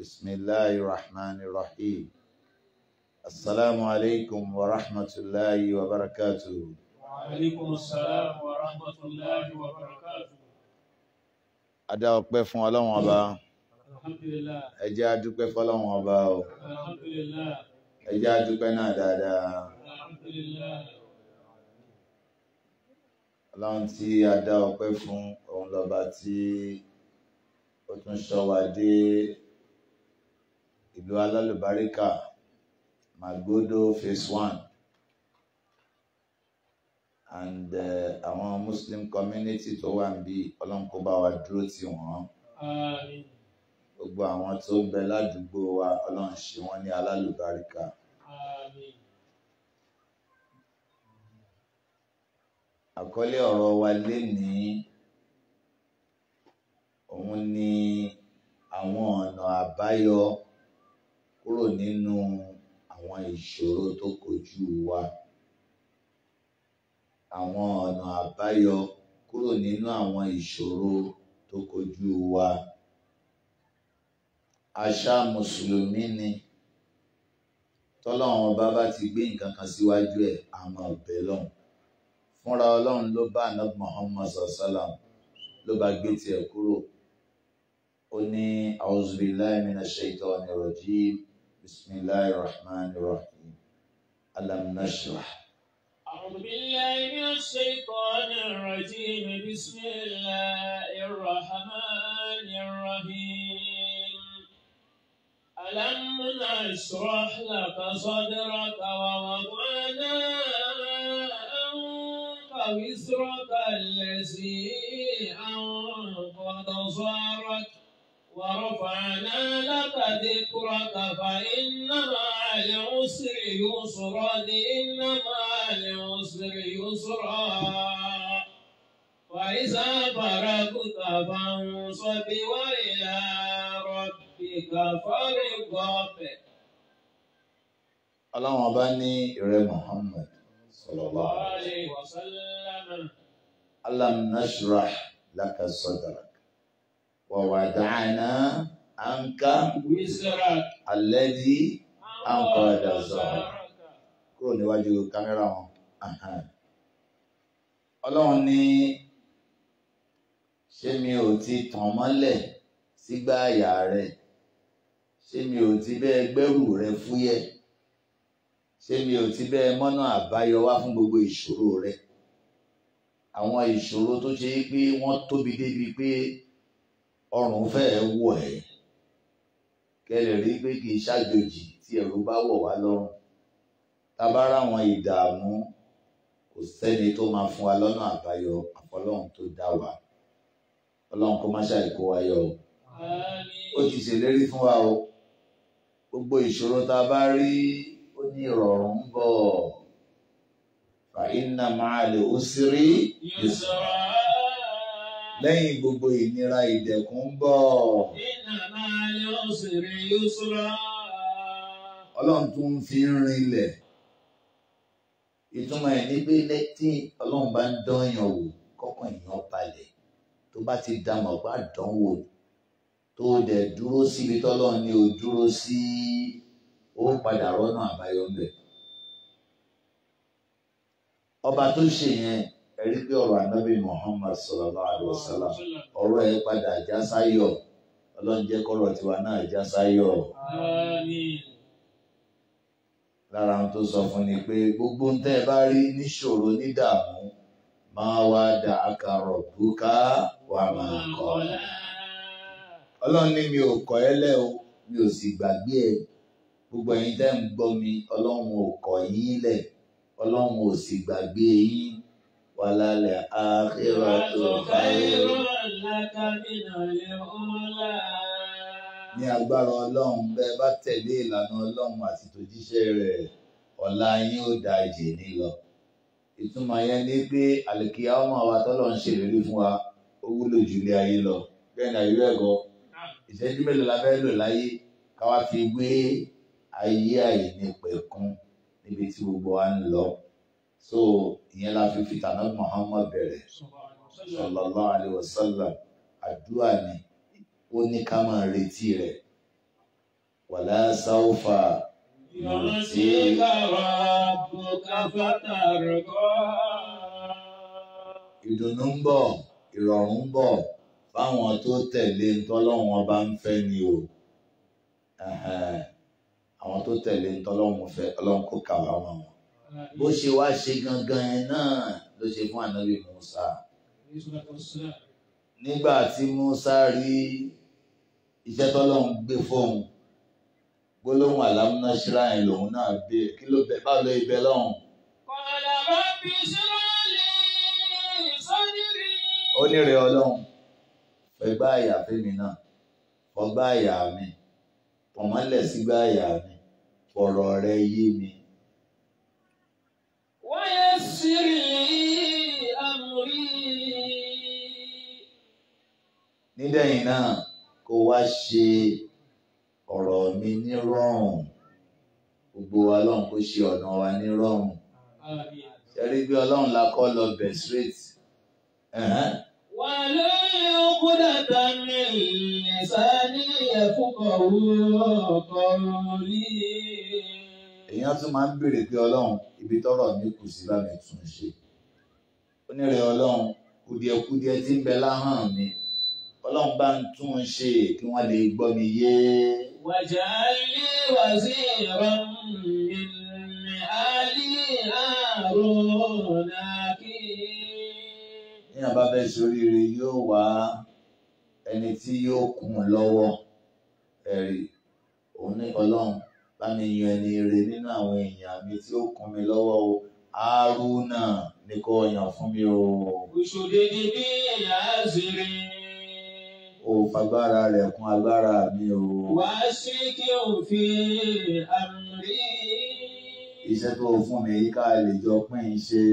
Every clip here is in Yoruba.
بسم الله الرحمن الرحيم السلام عليكم ورحمة الله وبركاته وعليكم السلام ورحمة الله وبركاته Adá ọpẹ́ fún Ọlọ́run ọba. Alhamdulillah. Ẹ jẹ́ a dúpẹ́ fọ́lọ́run ọba o. Alhamdulillah. Ẹ jẹ́ a dúpẹ́ náà dáadáa. Alhamdulillah. Ọlọ́run tí a dá ọpẹ́ fún òun lọ́ba tí ó tún ṣọ́ wa dé ìlú alálùbáríkà Magodo phase one and eh, àwọn uh, Muslim community tó wà níbí ọlọ́nkó bá wa dúró tì wọ́n gbogbo àwọn tó ń bẹ ládùúgbò wa ọlọ́run ṣe wọ́n ní alálùbáríkà. àkọlé ọ̀rọ̀ wa lénìí òun ni àwọn ọ̀nà àbáyọ. No kúrò nínú àwọn ìṣòro tó kojú wa àwọn ọ̀nà àbáyọ kúrò nínú àwọn ìṣòro tó kojú wa àṣà mùsùlùmí ni tọ́lọ́run ọba bá ti gbé nǹkan kan síwájú ẹ̀ àmọ́ ọ̀bẹ lọ́hùn fúnra ọlọ́run ló bá anab muhammad sallam ló bá gbé tiẹ̀ kúrò ó ní auzubillahi minash shaitani rajim بسم الله الرحمن الرحيم ألم نشرح أعوذ بالله من الشيطان الرجيم بسم الله الرحمن الرحيم ألم نشرح لك صدرك ووضعنا أنك وزرك الذي أنقض ظهرك ورفعنا لك ذكرك فإن مع العسر يسرا إن مع العسر يسرا وإذا فرغت فانصب وإلى ربك فارغب Ọlọ́run ọba ní ìrẹ́ Muhammad sallallahu alaihi wasallam. Alam nashrah laka sadrak. ووضعنا عنك وزرك الذي أنقض ظهرك kúrò níwájú kámẹ́rà wọn ọlọ́run ní ṣé mi ò ti tàn mọ́lẹ̀ sígbà àyà rẹ̀ ṣé mi ò ti bẹ́ẹ̀ gbẹ́rù rẹ̀ fúyẹ́ ṣé mi ò ti bẹ́ẹ̀ mọ́nà àbáyọ wá fún gbogbo ìṣòro rẹ̀ àwọn ìṣòro tó ṣe é pé wọ́n tóbi débi pé ọrùn fẹ́ẹ́ wọ̀ ẹ́ kẹlẹ̀ rí pé kì í ṣàjòjì tí ẹ̀rù bá wọ̀ wá lọ́rùn tabára àwọn ìdààmú kò sẹ́ni tó máa fún wa lọ́nà àbáyọ àfọlọ́run tó dá wa ọlọ́run kó má ṣàì wa yọ ó ti ṣèlérí fún wa o gbogbo ìṣòro tá a bá rí ó ní ìrọ̀rùn ń bọ̀ fàínà máa lè ó sí rí yusra lẹ́yìn gbogbo ìnira ìdẹ̀kùn ń bọ̀. ọlọ́run tún fi ń rinlẹ̀ ìtumọ̀ ẹ̀ ní pé lẹ́tí ọlọ́run bá ń dányàn wò kọ́kàn èèyàn balẹ̀ tó bá ti dá mọ̀ bá dánwò tó dẹ̀ dúró síbi tọ́lọ́run ni ò dúró sí ó padà rọ́nà àbáyọ ń bẹ̀. ọba tó ṣe yẹn ẹ̀rí pé ọ̀rọ̀ ànábì Muhammad sallallahu alaihi wasallam ọ̀rọ̀ ẹ̀ padà já sáyọ̀ ọlọ́run tiwa náà já sáyọ̀. lára sọ fún ni pé gbogbo ń tẹ́ ẹ bá rí níṣòro nídààmú máa wá dà àkàrọ̀ wà máa kọ́. ọlọ́run ò sì gbàgbé ẹ gbogbo ẹ̀yin tẹ́ ń gbọ́ mi lẹ̀ ọlọ́run ò sì wàlálẹ̀ àkírà tó káyọ̀. ní agbára ọlọ́run bẹ́ẹ̀ bá tẹ̀lé ìlànà ọlọ́run àti tòjíṣẹ́ rẹ̀ ọ̀la yín ó da ìjì ní lọ. ìtumọ̀ yẹn ni pé àlèkíyà ọmọ wa tọ́lọ̀ ń ṣèlérí fún wa ó wúlò jù lé ayé lọ bẹ́ẹ̀ ni àyúrò ẹ̀kọ́ ìṣẹ́jú mélòó la fẹ́ lò láyé káwá fi gbé ayé àìnípẹ̀kun níbi tí gbogbo wa ń lọ so ìyẹn la fi fìtà náà Muhammad bẹ̀rẹ̀ sallallahu alayhi wa sallam àdúrà ni ó ní ká máa retí rẹ̀ wàlá sáúfà yòòtí ìdùnnú ń bọ̀ ìrọ̀rùn ń bọ̀ fáwọn tó tẹ̀lé ntọ́lọ́run ọba ń fẹ́ ni o àwọn tó tẹ̀lé ntọ́lọ́run fẹ́ ọlọ́run kò kà wá wọn bó ṣe wá ṣe gangan ẹ náà ló ṣe fún ànábì Musa nígbà tí Musa rí iṣẹ́ tọ́lọ́run gbé fóun gbólóhùn àlámúná ṣíra ẹ̀ lòun náà bí kí ló bẹ bá lọ ibẹ̀ lọ́hùn. kọ̀ọ̀lá bá fi sílọ́ọ̀lì sọ́dírì. ó ní rẹ̀ ọlọ́run fẹ̀gbá àyà fẹ́mi náà fọgbá àyà mi fọmọ́lẹ̀ sígbà àyà mi fọ̀rọ̀ rẹ yé mi يسر لي أمري nídẹ̀yìn náà kó wá ṣe ọ̀rọ̀ mi ní rọrùn gbogbo wa kó ṣe ọ̀nà wa ní rọrùn ṣẹ́rí bí ọlọ́run la kọ́ lọ bẹ̀ straight. wà lóyún ọkùnrin àtàmì ìlẹ̀sán ní ẹ̀fúkọ̀ wúrọ̀ ọkọ̀ rí i èèyàn tún máa ń béèrè pé ọlọ́run ibi tọ́rọ̀ mi kù sí bá mi tún ṣe ó ní rẹ̀ ọlọ́run kùdìẹ̀kùdìẹ̀ tí ń bẹ láhàn mi ọlọ́run bá ń tún ṣe kí wọ́n lè gbọ́ mi yé. wàjà lé wàzí ọ̀rọ̀ mi àlè àrùn àkè. ní àbábẹ́ sóríire yóò wá ẹni tí yóò kún un lọ́wọ́ ẹ̀rí òun ní ọlọ́run bá mi yan ẹni rere nínú àwọn èèyàn mi tí ó kún mi lọ́wọ́ o Haruna ni kò yàn fún mi o. òṣòdìdì bí ẹ̀yà ṣeré. o fagbára rẹ̀ kún agbára mi o. wá sí kí òfin àmì. iṣẹ́ tó fún mi yìí lè jọ pín in ṣe.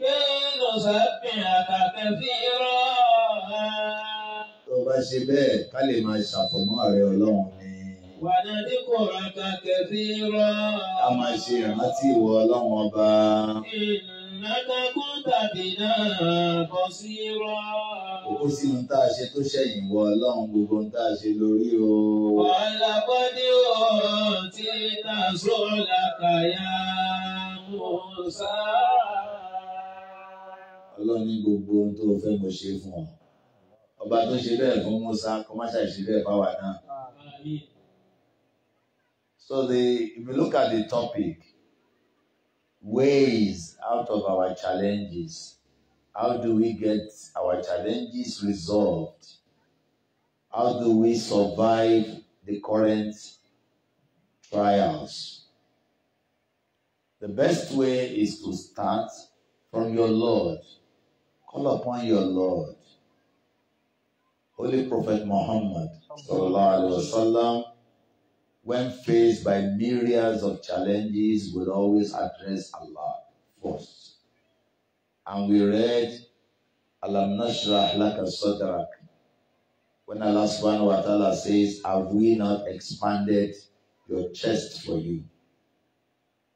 kí ló sábẹ̀ àkàkẹ́ fi rọ̀ tó o bá ṣe bẹ́ẹ̀ ká lè máa ṣàfọ̀mọ́ rẹ ọlọ́run Wà á dé kó ra kàkẹ́ sí rọ. A máa ṣe ìrántí ìwọ ọlọ́run ọba. Ìnàdàkùn tàbí náà bọ̀ sí rọ. Ó sì ń tá a ṣe tó ṣẹ̀yìn wọ ọlọ́run gbogbo ń tá a ṣe lórí o. Wàhálà bọ́ ní ọ̀rọ̀ tí ta sọ́ọ̀lá kàyà Mùsà. Ọlọ́run ní gbogbo ohun tó fẹ́ mo ṣe fún ọ. Ọba tó ṣe bẹ́ẹ̀ fún Mùsà kọ́máṣà ṣe bẹ́ẹ̀ fáwa náà. So the, if we look at the topic, ways out of our challenges, how do we get our challenges resolved? How do we survive the current trials? The best way is to start from your Lord. Call upon your Lord. Holy Prophet Muhammad sallallahu alaihi wasallam when faced by myriads of challenges, will always address Allah first. And we read, Alam nashrah laka sadrak. When Allah subhanahu wa ta'ala says, have we not expanded your chest for you?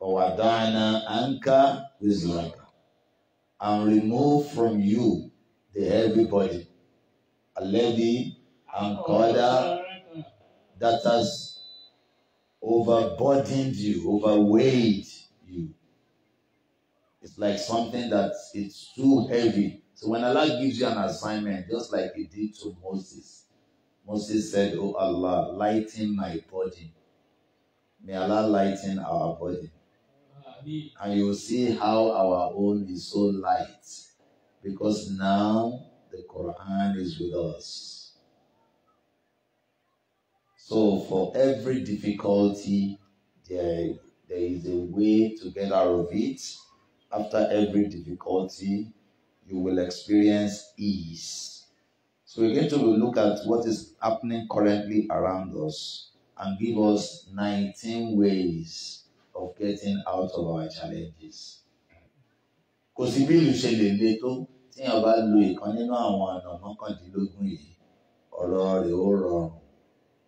Wadana anka wizraka. And remove from you the heavy body. lady and that oh, has overburdened you, overweighed you. It's like something that it's too heavy. So when Allah gives you an assignment, just like He did to Moses, Moses said, Oh Allah, lighten my burden. May Allah lighten our burden. And you will see how our own is so light. Because now the Quran is with us. So for every difficulty, there, there is a way to get out of it. After every difficulty, you will experience ease. So we're going to look at what is happening currently around us and give us nineteen ways of getting out of our challenges. Kò sí bí ìlú ṣe lè le tó tí èèyàn bá lo ìkan nínú àwọn ọ̀nà mọ́kàndínlógún yìí, ọ̀rọ̀ rẹ̀ ó rọrùn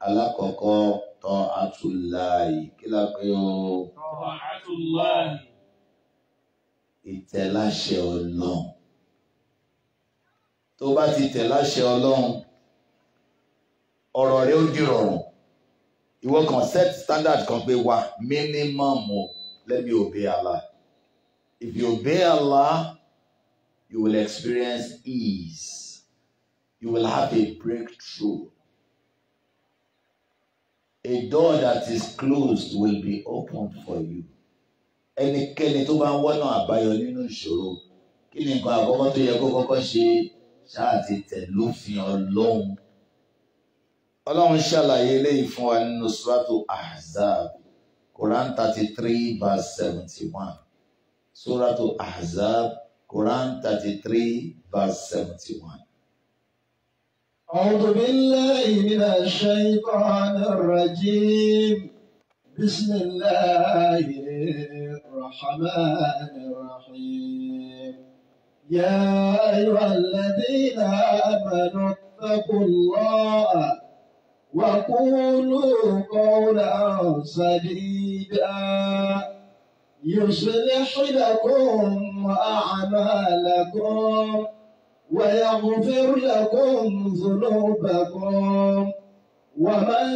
alákọ̀ọ́kọ́ tọ́ àtúláì kí lápẹ́ o tọ́ àtúláì ìtẹ̀láṣẹ ọlọ́run tó bá ti tẹ̀láṣẹ ọlọ́run ọ̀rọ̀ rẹ ó dìrọ̀rùn ìwọ kan set standard kan pé wà minimum o let me obey Allah if you obey Allah you will experience ease you will have a breakthrough a door that is closed will be opened for you. ẹnikẹ́ni tó bá ń wọ́nà àbáyọ nínú ìṣòro kí ni nǹkan àkọ́kọ́ tó yẹ kó kọ́kọ́ ṣe ṣáà ti ọlọ́run. ọlọ́run ṣàlàyé eléyìí fún wa nínú suratu ahzab quran thirty three verse seventy one suratu ahzab quran thirty three verse seventy one. أعوذ بالله من الشيطان الرجيم بسم الله الرحمن الرحيم يا أيها الذين آمنوا اتقوا الله وقولوا قولا سديدا يصلح لكم أعمالكم ويغفر لكم ذنوبكم ومن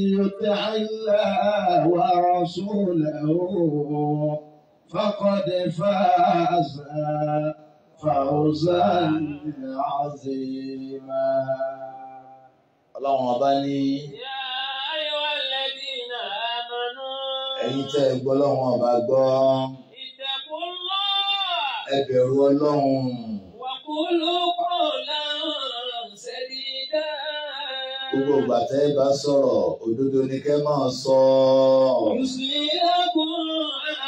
يطع الله ورسوله فقد فاز فوزا عظيما ọlọ́run ọba ní ẹ̀yin tẹ́ ẹ gbọ́ ọlọ́run ọba gbọ́ ẹ bẹ̀rù ọlọ́run kúlù kọ́lá ṣẹ̀dídá. Gbogbo ìgbà tẹ́ ẹ bá sọ̀rọ̀, òdodo ni kẹ́ máa sọ. Yùsùlẹ́kùn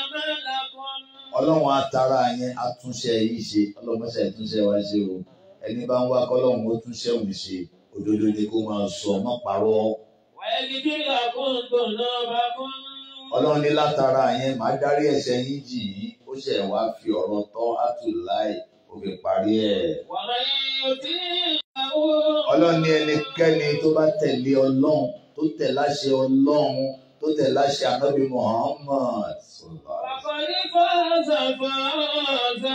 àmàlàkùn. Ọlọ́run atara yẹn atúnṣe yìí ṣe, ọlọ́mọṣẹ́ ìtúnṣe wa ṣe o. Ẹni bá ń wá kọ́lọ́run ó túnṣe òun ṣe, òdodo ni kó máa sọ, má parọ́. Ọlọ́run ní látara yẹn, màá dárí ẹ̀ṣẹ̀ yín jì yín, ó ṣẹ̀ wá fi ọ̀rọ̀ tọ́ àtúláì ó parí ẹ̀. ọlọ́run ní ẹnikẹ́ni tó bá tẹ̀lé ọlọ́run tó tẹ̀ láṣẹ ọlọ́run tó tẹ̀ láṣẹ ànábì Muhammad. àkọ́lé fọ́ọ̀sà fọ́ọ̀sà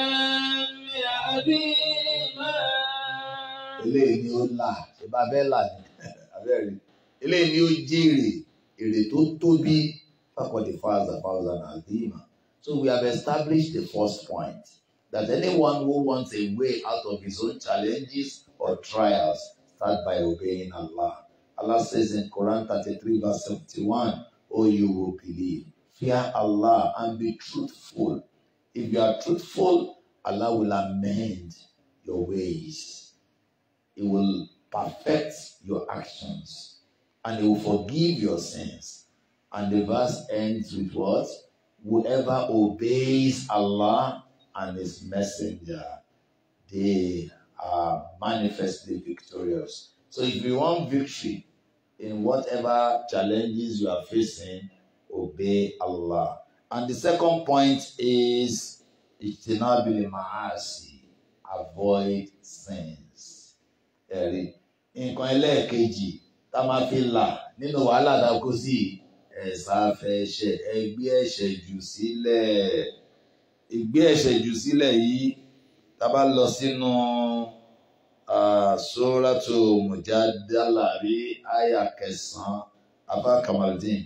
mi àbí máa. eléyìí ni ó là ìbá bẹ́ẹ̀ là ní abẹ́rẹ́ eléyìí ni ó jèrè èrè tó tóbi fàkọ̀dé fọ́ọ̀sà fọ́ọ̀sà nàbí So we have established the first point. that anyone who wants a way out of his own challenges or trials start by obeying Allah. Allah says in Quran 33 verse 71, O oh, you who believe, fear Allah and be truthful. If you are truthful, Allah will amend your ways. He will perfect your actions and He will forgive your sins. And the verse ends with what? Whoever obeys Allah and his messenger. They are manifestly victorious. So if you want victory in whatever challenges you are facing, obey Allah. And the second point is ijtinabil avoid sins. Ẹ̀rí nǹkan ẹlẹ́ẹ̀kejì tá máa fi là nínú wàhálà tá a kó sí ẹ̀sà fẹ́ ṣe ẹgbẹ́ ẹ̀ṣẹ̀ jù sílẹ̀ ìgbé ẹ̀ṣẹ̀ jù sílẹ̀ yìí tá a bá lọ sínú sóràtò mùjádàlà rí àyà kẹsàn-án abá kamaldin.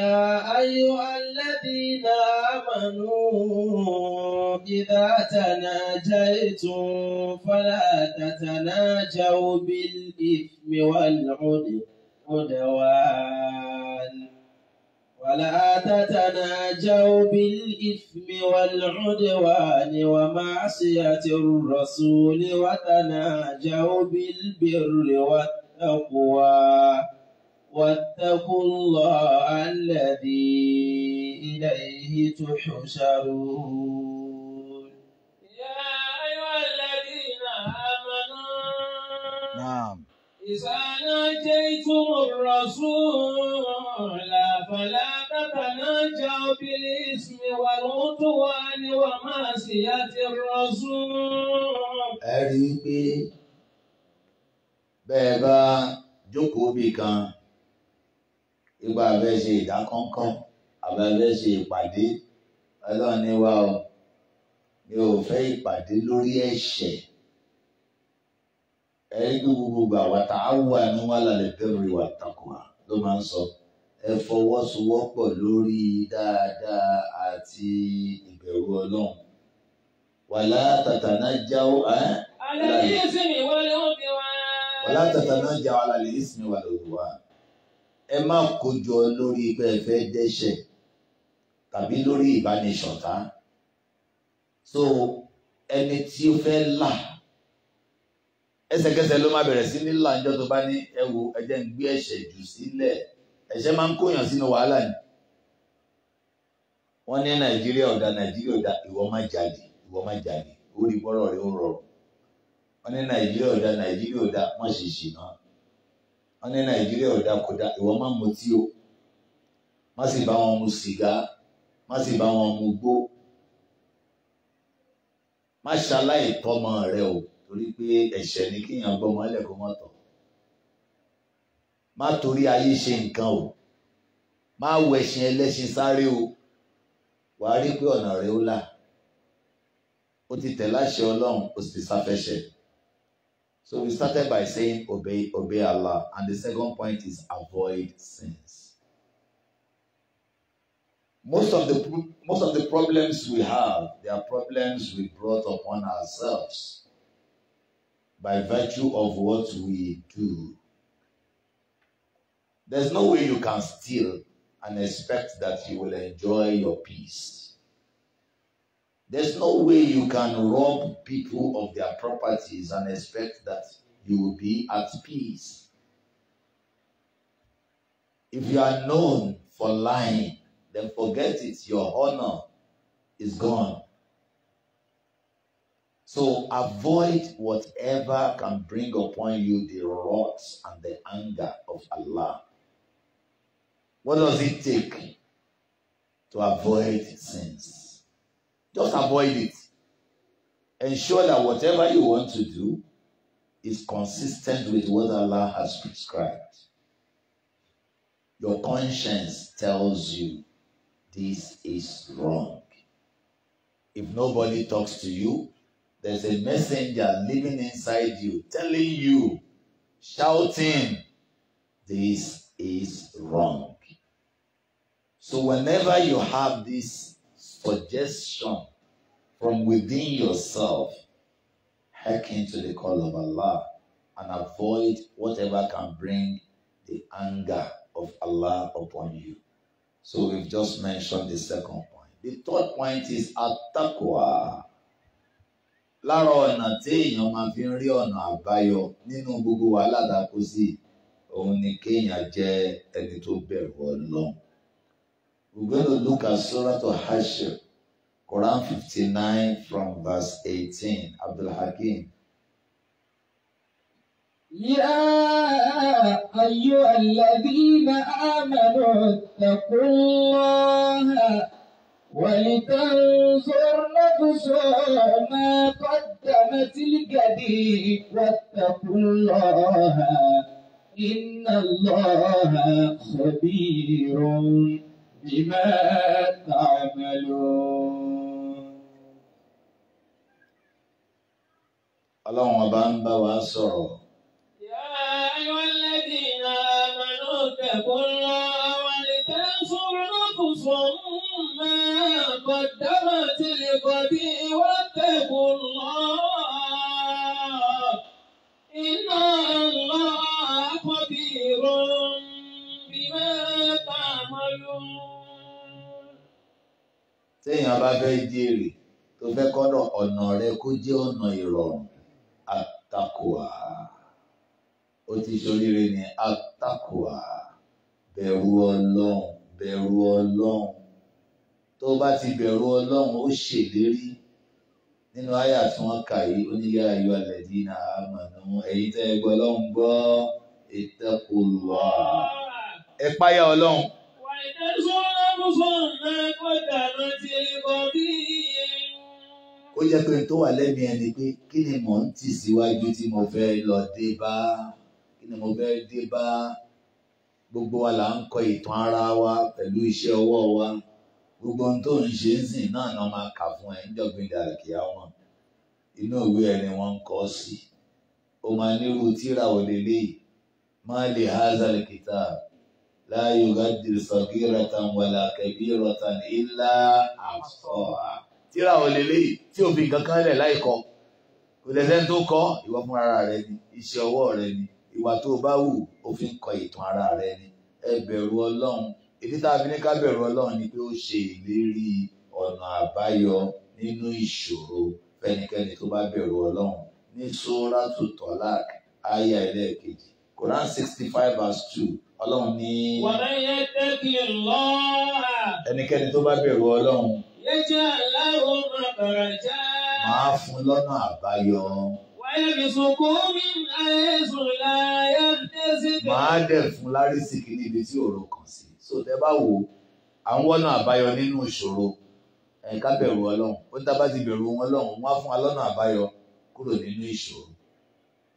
يا أيها الذين آمنوا إذا تناجيتم فلا تتناجوا بالإثم والعدوان ولا تتناجوا بالإثم والعدوان ومعصية الرسول وتناجوا بالبر والتقوى واتقوا الله الذي إليه تحشرون يا أيها الذين آمنوا نعم إذا ناجيتم الرسول يرجع بالإثم والعدوان ومعصية الرسول. ẹ rí i pé bẹ́ẹ̀ bá jókòó bì kan ipa abẹ́ ṣe ìdákọ́ńkọ́n abẹ́ ṣe ìpàdé ọlọ́ọ̀ni wa o mi ò fẹ́ ìpàdé lórí ẹ̀ṣẹ̀ ẹ gbogbo àwa tá a wà ní wàhálà ìwà tàkùn ló máa ń sọ ẹ fọwọ́sowọ́pọ̀ lórí dáadáa àti ìbẹ̀rù ọlọ́run. wàlá tàtàná jáwó ẹ́. àlàyé ìsinmi wọlé wọn ti wá. wàlá tàtàná jáwó àlàyé ìsinmi wà lórí wa. ẹ má kójọ lórí pé ẹ fẹ́ dẹ́ṣẹ̀ tàbí lórí ìbánisọ̀tá. so ẹni tí ó fẹ́ là ẹsẹ̀kẹsẹ̀ ló máa bẹ̀rẹ̀ sí ní là níjọ́ tó bá ní ẹ wo ẹ jẹ́ ń gbé ẹ̀ṣẹ̀ jù sílẹ̀ ẹ̀ṣẹ̀ máa ń kóyàn sínú wàhálà ni wọ́n ní nàìjíríà ọ̀dà nàìjíríà ọ̀dà ìwọ má jáde ìwọ má jáde orí bọ́rọ̀ rẹ ń rọrùn wọ́n ní nàìjíríà ọ̀dà nàìjíríà ọ̀dà má ṣe ṣìnà wọ́n ní nàìjíríà ọ̀dà kódà ìwọ má mutí o má sì bá wọn mu sìgá má sì bá wọn mu gbó má ṣaláì tọ́mọ rẹ o torí pé ẹ̀ṣẹ̀ ni kéèyàn gbọ́mọ ẹlẹ́kọ̀ọ́ mọ́tọ̀ má torí ayé ṣe nǹkan o má wọ ẹ̀sìn ẹlẹ́sìn sáré o wàá rí pé ọ̀nà rẹ ó là ó ti tẹ̀ láṣẹ ọlọ́run ó sì ti sáfẹ́ṣẹ̀. So we started by saying obey, obey Allah. And the second point is avoid sins. Most of the most of the problems we have, they are problems we brought upon ourselves by virtue of what we do. There's no way you can steal and expect that you will enjoy your peace. There's no way you can rob people of their properties and expect that you will be at peace. If you are known for lying, then forget it. Your honor is gone. So avoid whatever can bring upon you the wrath and the anger of Allah. What does it take to avoid sins? Just avoid it. Ensure that whatever you want to do is consistent with what Allah has prescribed. Your conscience tells you this is wrong. If nobody talks to you, there's a messenger living inside you telling you, shouting, this is wrong. So whenever you have this suggestion from within yourself, hearken to the call of Allah and avoid whatever can bring the anger of Allah upon you. So we've just mentioned the second point. The third point is at-taqwa. Lára ọ̀nà tí èèyàn máa fi ń rí ọ̀nà àbáyọ nínú gbogbo wàhálà òun ni kéèyàn jẹ́ ẹni tó bẹ̀rù Ọlọ́run. We're going to look at Surah to Hashir, Quran 59 from verse 18. Abdul Hakim. يا أيها الذين آمنوا اتقوا الله ولتنظر نفس ما قدمت الجديد واتقوا الله إن الله خبير بما تعملون اللهم بانبا واسعوا يا أيها الذين آمنوا اتقوا الله ولتنصر نفسهم ما قدمت لغد واتقوا الله إن الله خبير بما تعملون téèyàn bá fẹ́ di èrè tó fẹ́ kọ́nà ọ̀nà rẹ kó jẹ́ ọ̀nà ìrọ̀rùn àtàkùà ó ti ṣoríire ní àtàkùà bẹ̀rù ọlọ́run bẹ̀rù ọlọ́run tó bá ti bẹ̀rù ọlọ́run ó ṣèlérí nínú àyà tí wọ́n kà yìí ó ní yá ayọ̀ àlẹ́dí náà àmọ̀nà ẹ̀yin tẹ́ ẹ gbọ́ ọlọ́run gbọ́ ìtẹ́kùlù ẹ̀ páyà ọlọ́run mùsùlùmí ó jẹ́ pé tó wà lẹ́mìí ẹni pé kí ni mò ń tì síwájú tí mo fẹ́ lọ dé bá kí ni mo fẹ́ dé bá gbogbo wa là ń kọ ìtàn ara wa pẹ̀lú iṣẹ́ ọwọ́ wa gbogbo ohun tó ń ṣe ń sìn náà ló máa kà fún ẹ ń jọ̀gbìn dàrẹ́kìá wọn inú ìwé ẹni wọn ń kọ sí ó máa tíra òlélẹ́yìí má lè hazard kitab لا يغادر صغيرة ولا كبيرة إلا أحصاها ترى ò lè léyìí tí òfin kankan lẹ̀ láìkọ kò lẹ́sẹ̀ tó kọ́ ìwọ fún ara rẹ ni iṣẹ́ ọwọ́ rẹ ni ìwà tó bá wù òfin kọ ìtàn ara rẹ ni ẹ bẹ̀rù ọlọ́run èdè tá a fi ní ká bẹ̀rù ọlọ́run ni pé ó ṣe ìlérí ọ̀nà àbáyọ nínú ìṣòro fẹ́nikẹ́ni tó bá bẹ̀rù ọlọ́run ní sóràtútọ́lá àyà ẹlẹ́ẹ̀kejì Quran sixty five verse two ọlọ́run ní. wàlẹ́ yẹn tẹ́kì lọ́ọ̀rà. ẹnikẹ́ni tó bá bẹ̀rù ọlọ́run. yẹ́jẹ́ aláwọ̀ máa bẹ̀rẹ̀ jẹ́. máa fún lọ́nà àbáyọ. Màá dẹ̀ fún lárísìkì níbi tí ọ̀rọ̀ kàn sí. So tẹ bá wò à ń wọ́nà àbáyọ nínú ìṣòro ẹ̀ka bẹ̀rù ọlọ́run. Ó ń tábà ti bẹ̀rù wọn lọ́run. Wọ́n á fún wa lọ́nà àbáyọ kúrò nínú ìṣòro.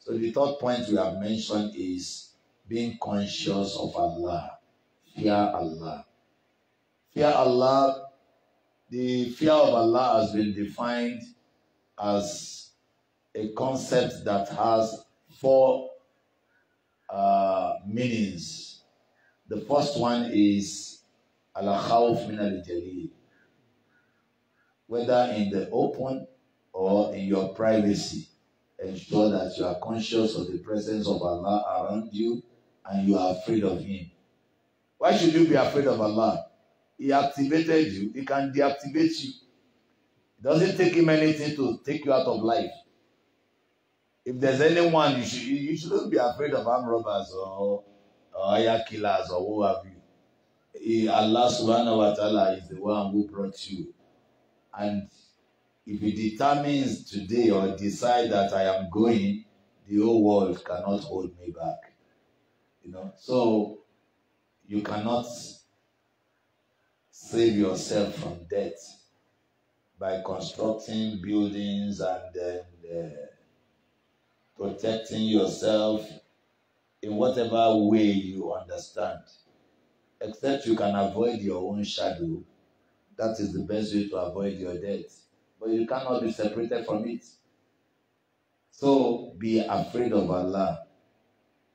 So the third point we have mentioned is being conscious of Allah. Fear Allah. Fear Allah, the fear of Allah has been defined as a concept that has four uh, meanings. The first one is ala khawf min al-jalil. Whether in the open or in your privacy, ensure that you are conscious of the presence of Allah around you and you are afraid of Him. Why should you be afraid of Allah? He activated you, He can deactivate you. It doesn't take Him anything to take you out of life. If there's anyone, you, should, you shouldn't be afraid of armed robbers or, or killers or who have you. He, Allah subhanahu wa ta'ala is the one who brought you. And if he determines today or decide that I am going, the whole world cannot hold me back. You know, so you cannot save yourself from death by constructing buildings and then uh, protecting yourself in whatever way you understand. Except you can avoid your own shadow. That is the best way to avoid your death. But you cannot be separated from it. So be afraid of Allah.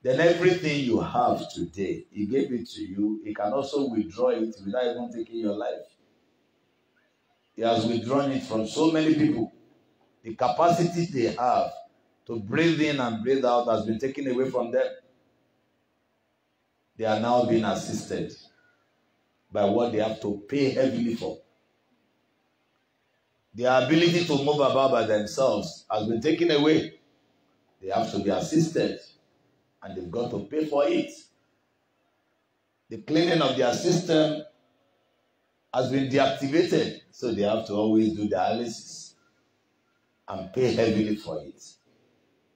Then everything you have today, He gave it to you. He can also withdraw it without even taking your life. He has withdrawn it from so many people. The capacity they have to breathe in and breathe out has been taken away from them. They are now being assisted by what they have to pay heavily for. Their ability to move about by themselves has been taken away. They have to be assisted and they've got to pay for it. The cleaning of their system has been deactivated, so they have to always do dialysis and pay heavily for it.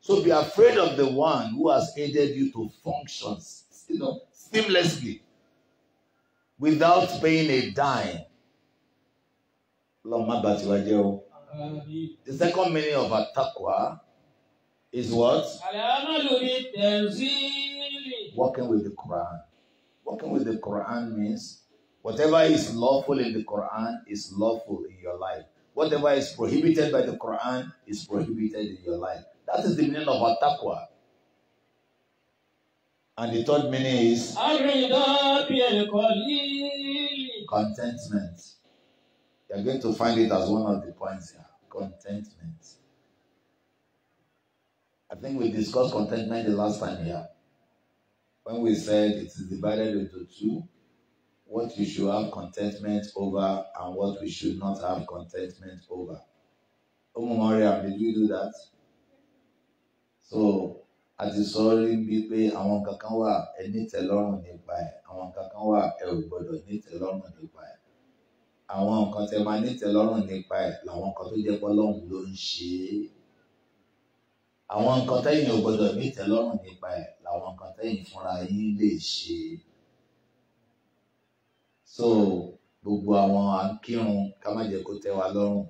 So be afraid of the one who has aided you to function you know, seamlessly without paying a dime. The second meaning of attaqwa is what? Working with the Quran. Working with the Quran means whatever is lawful in the Quran is lawful in your life. Whatever is prohibited by the Quran is prohibited in your life. That is the meaning of taqwa. And the third meaning is contentment. You're going to find it as one of the points here. Contentment. I think we discussed contentment the last time here when we said it is divided into two what we should have contentment over and what we should not have contentment over. Oh, Omo Mariam, did we do that? So a ti sọ rí bí pé àwọn kankan wà ẹ nítẹ́lọ́rùn nípa ẹ̀ àwọn kankan wà ẹ ò gbọ́dọ̀ nítẹ́lọ́rùn nípa ẹ̀ àwọn nǹkan tẹ́ máa nítẹ́lọ́rùn nípa ẹ̀ làwọn kan tó jẹ́ pé Ọlọ́run ló ń ṣe é àwọn nǹkan tẹ́yìn ò gbọ́dọ̀ ní ìtẹ́lọ́rùn nípa ẹ̀ làwọn nǹkan tẹ́yìn fúnra yín lè ṣe so gbogbo àwọn akírun ká má jẹ́ kó tẹ́ wa lọ́rùn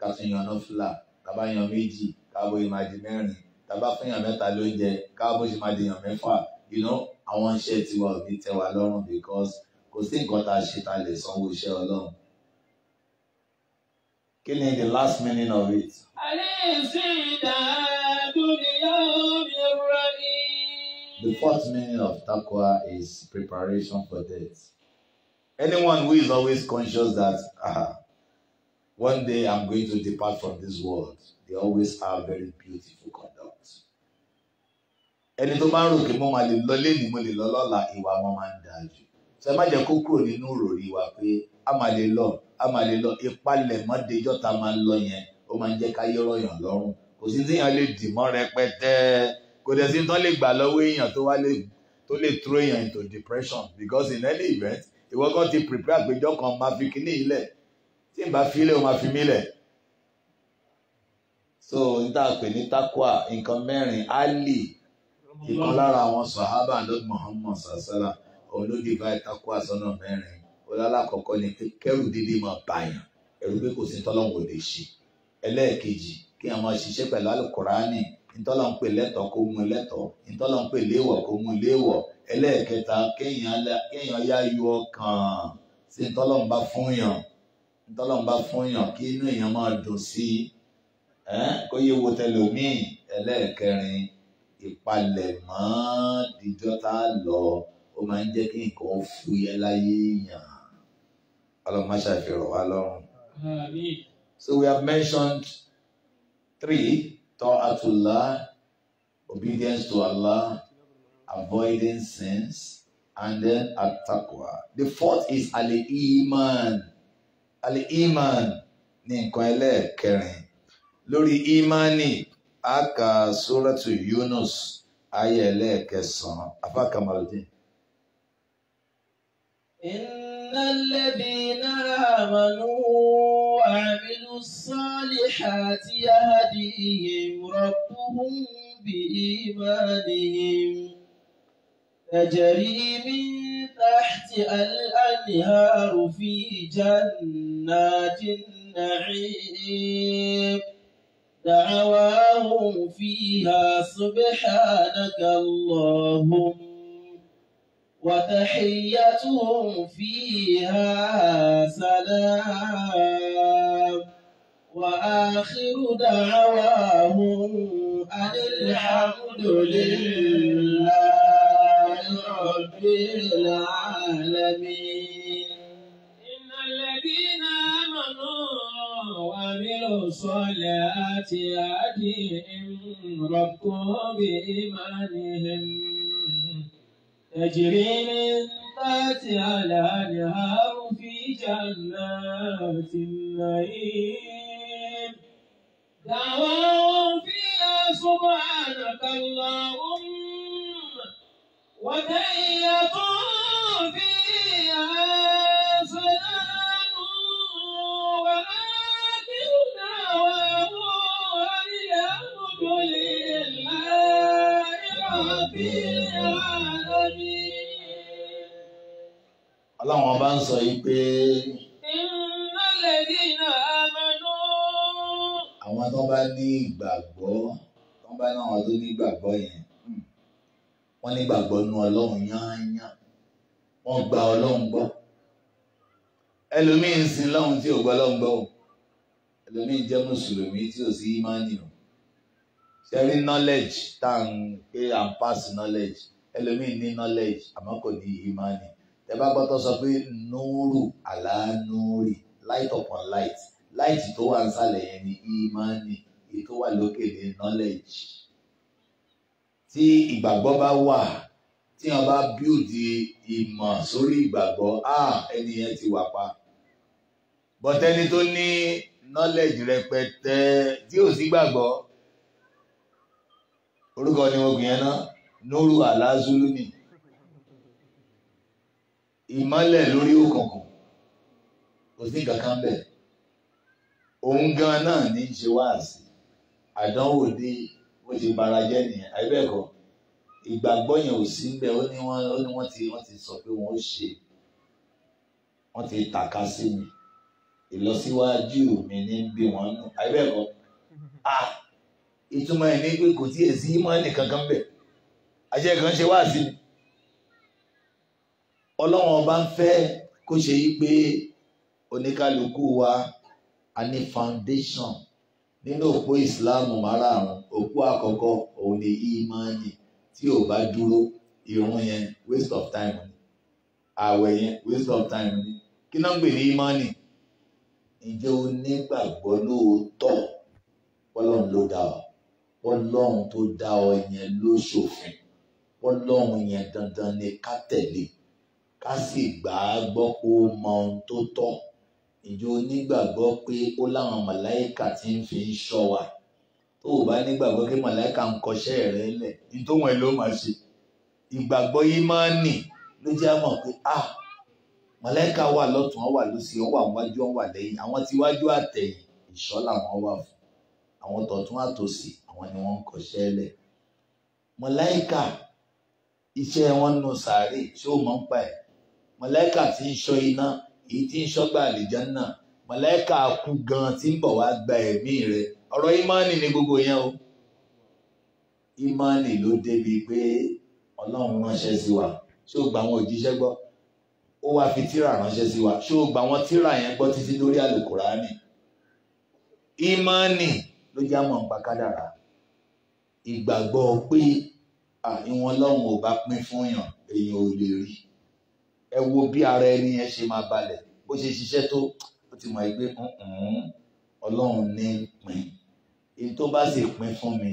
ká tún yan nọ́fìlà ká bá yan méjì ká bó ṣe máa di mẹ́rin ká bá fún yàn mẹ́ta lóúnjẹ ká bó ṣe máa di yàn mẹ́fà you know àwọn iṣẹ́ tiwa ò ní tẹ́ wa lọ́rùn because kò sí nǹkan tá a ṣe tá a lè sanwó iṣẹ́ Ọlọ́run. kí ni the last meaning of it. àlè ìsìn ìdá. The fourth meaning of taqwa is preparation for death. Anyone who is always conscious that ah, one day I'm going to depart from this world, they always have very beautiful conduct. Ẹni tó bá ń rò pé mo lè lọ lénìí mo lè lọ lọ́la ìwà wọn máa ń dáa jù. Ṣé má jẹ́ kó kúrò nínú òròrí wa pé a máa lè lọ a máa lè lọ ìpalẹ̀mọ́ dejọ́ ta máa ń lọ yẹn ó máa ń jẹ́ ká yọ̀rọ̀ yàn lọ́rùn kò sí tíyan lè dì mọ́ rẹpẹtẹ kò dẹ̀ sí tán lè gbà lọ́wọ́ èèyàn tó wá lè tó lè throw èèyàn into depression because in any event ìwọ kan ti prepare àpéjọ kan máa fi kíní ilẹ̀ tí n bá fi ilẹ̀ o máa fi mí lẹ̀ so n ta pè ní takwa nǹkan mẹ́rin ali ìkan lára àwọn sahaba lord muhammad sasala òun ló divide takwa sọ́nà mẹ́rin olálàkọ́kọ́ ni kẹ́rù dídí máa bàyàn ẹ̀rù pé kò sí tọ́lọ́wọ̀n ò lè ṣe ẹlẹ́ẹ̀kejì kí a máa ṣiṣẹ́ pẹ̀lú alukurani ìtọ́lọ̀ ń pè lẹ́tọ̀ọ́ kó mú lẹ́tọ̀ọ́ ìtọ́lọ̀ ń pè léèwọ̀ kó mú léèwọ̀ ẹlẹ́ẹ̀kẹta kéèyàn yá yọ ọkàn sí ìtọ́lọ̀ ń bá fún yàn ìtọ́lọ̀ ń bá fún yàn kí inú èèyàn máa dùn sí i kó yé wo tẹlómìn ẹlẹ́ẹ̀kẹrin ìpalẹ̀mọ́ díjọ́ tá a lọ ó máa ń jẹ́ kí nǹkan ó fúyẹ́ láyé yàn ọlọ́run má ṣàfihàn wa lọ́rùn. So we have mentioned three. ta'atullah, obedience to Allah, avoiding sins, and then at-taqwa. The fourth is al-iman. Al-iman ni nǹkan ẹlẹ́ẹ̀kẹrin. Lórí imani, Aka suratu Yunus, ayé Apa afá Inna alladhina amanu وعملوا الصالحات يهديهم ربهم بإيمانهم تجري من تحت الأنهار في جنات النعيم دعواهم فيها سبحانك اللهم وتحيتهم فيها سلام وآخر دعواه أن الحمد لله رب العالمين إن الذين آمنوا وعملوا الصالحات يأتيهم ربهم بإيمانهم تجري من تحتها الأنهار في جنات النعيم دعواهم فيها سبحانك اللهم وتحية فيها سلام وآخر دعواهم الحمد لله رب العالمين ọlọ́run ọba ń sọ yìí àwọn tó bá ní ìgbàgbọ́ tó bá ní àwọn tó ní ìgbàgbọ́ yẹn hmm, wọ́n ní ìgbàgbọ́ nu ọlọ́run yányán wọ́n gba ọlọ́run gbọ́ ẹlòmíín sin lọ́run tí ò gbọ́ ọlọ́run gbọ́ o ẹlòmíín jẹ́ mùsùlùmí tí ò sí ìmánì o sharing knowledge tá à ń pé à ń pass knowledge ẹlòmíín ní knowledge àmọ́ kò ní ìmánì tẹ́ bá gbọ́ tó sọ pé núrù àlá núrì light upon light láìsí tó wà nísàlẹ̀ yẹn ni ìmánì èyí tó wà lókè ní knowledge tí ìgbàgbọ́ bá wà tí wọn bá build ìmọ̀ sórí ìgbàgbọ́ ah, ẹni yẹn ti wà pa bọ́tẹ́ni tó ní knowledge rẹpẹtẹ tí ò sí gbàgbọ́ orúkọ ni mo gbìyànjú náà nóru àlázúlú ni ìmọ́lẹ̀ lórí òkùnkùn kò sí kankan bẹ́ẹ̀ òun gan náà ní í ṣe wáàsí àdánwò dé bó ṣe bara jẹ́ nìyẹn àbẹ́ẹ̀kọ́ ìgbàgbọ́ yẹn ò sí ńbẹ̀ ó ní wọ́n ó ní wọ́n ti wọ́n ti sọ pé wọ́n ṣe wọ́n ti tàka sí mi ìlọsíwájú mi ní bí wọ́n nù àbẹ́ẹ̀kọ́ a ìtumọ̀ ẹ̀ ní pé kò tí èsì ìmọ̀ọ́nì kankan bẹ̀ àṣẹ kan ṣe wáàsí mi ọlọ́wọ́n ọba ń fẹ́ kó ṣe yí pé oníkálukú wa a ní foundation nínú òpó ìsìláàmù márààrún òpó àkọ́kọ́ òun ni ìmánì tí ò bá dúró irun yẹn waste of time ni ààwẹ̀ yẹn waste of time ni kí ló ń gbè ní ìmánì ǹjẹ́ o nígbàgbọ́ lóòótọ́ ọlọ́run ló dá ọ ọlọ́run tó dá ọ yẹn ló ṣòfin ọlọ́run yẹn dandan ni ká tẹ̀lé ká sì gbà á gbọ́ kó mọ ohun tó tọ́ ìjọ onígbàgbọ́ pé ó láwọn màláìkà tí ń fi ṣọ́ wa tó o bá nígbàgbọ́ pé màláìkà ń kọṣẹ́ rẹ lẹ̀ ní tó wọn ló máa ṣe ìgbàgbọ́ yìí máa ń nì ló jẹ́ àmọ̀ pé a ah, màláìkà wà lọ́tún ó wà lósì ó wà wájú ó wà lẹ́yìn àwọn tí wájú àtẹ̀yìn ìṣọ́ làwọn wà fún àwọn tọ̀tún àtòsì àwọn ni wọ́n ń kọṣẹ́ lẹ̀ màláìkà iṣẹ́ wọn nù sàárè tí ó mọ̀ ń pa ẹ̀ màláìkà tí ń ṣọ́ iná èyí tí ń ṣọ́gbà àlìjánà mọ̀lẹ́kà kú gan tí ń bọ̀ wá gba ẹ̀mí rẹ̀ ọ̀rọ̀ ìmánì ni gbogbo yẹn o ìmánì ló débi pé ọlọ́run ránṣẹ́ sí wa ṣé o gbà wọn òjíṣẹ́ gbọ́ ó wá fi tírà ránṣẹ́ sí wa ṣé o gbà wọn tírà yẹn gbọ́ títí lórí àlùkùránì ìmánì ló já mọ̀ nípa kádàrá ìgbàgbọ́ pé ìwọ̀n ọlọ́run ò bá pín fún yàn èèyàn ò lè rí i ẹ wo bí ara ẹni yẹn ṣe máa balẹ̀ bó ṣe ṣiṣẹ́ tó ó ti mọ̀ ẹ́ pé ọlọ́run ní pín èyí tó bá sì pín fún mi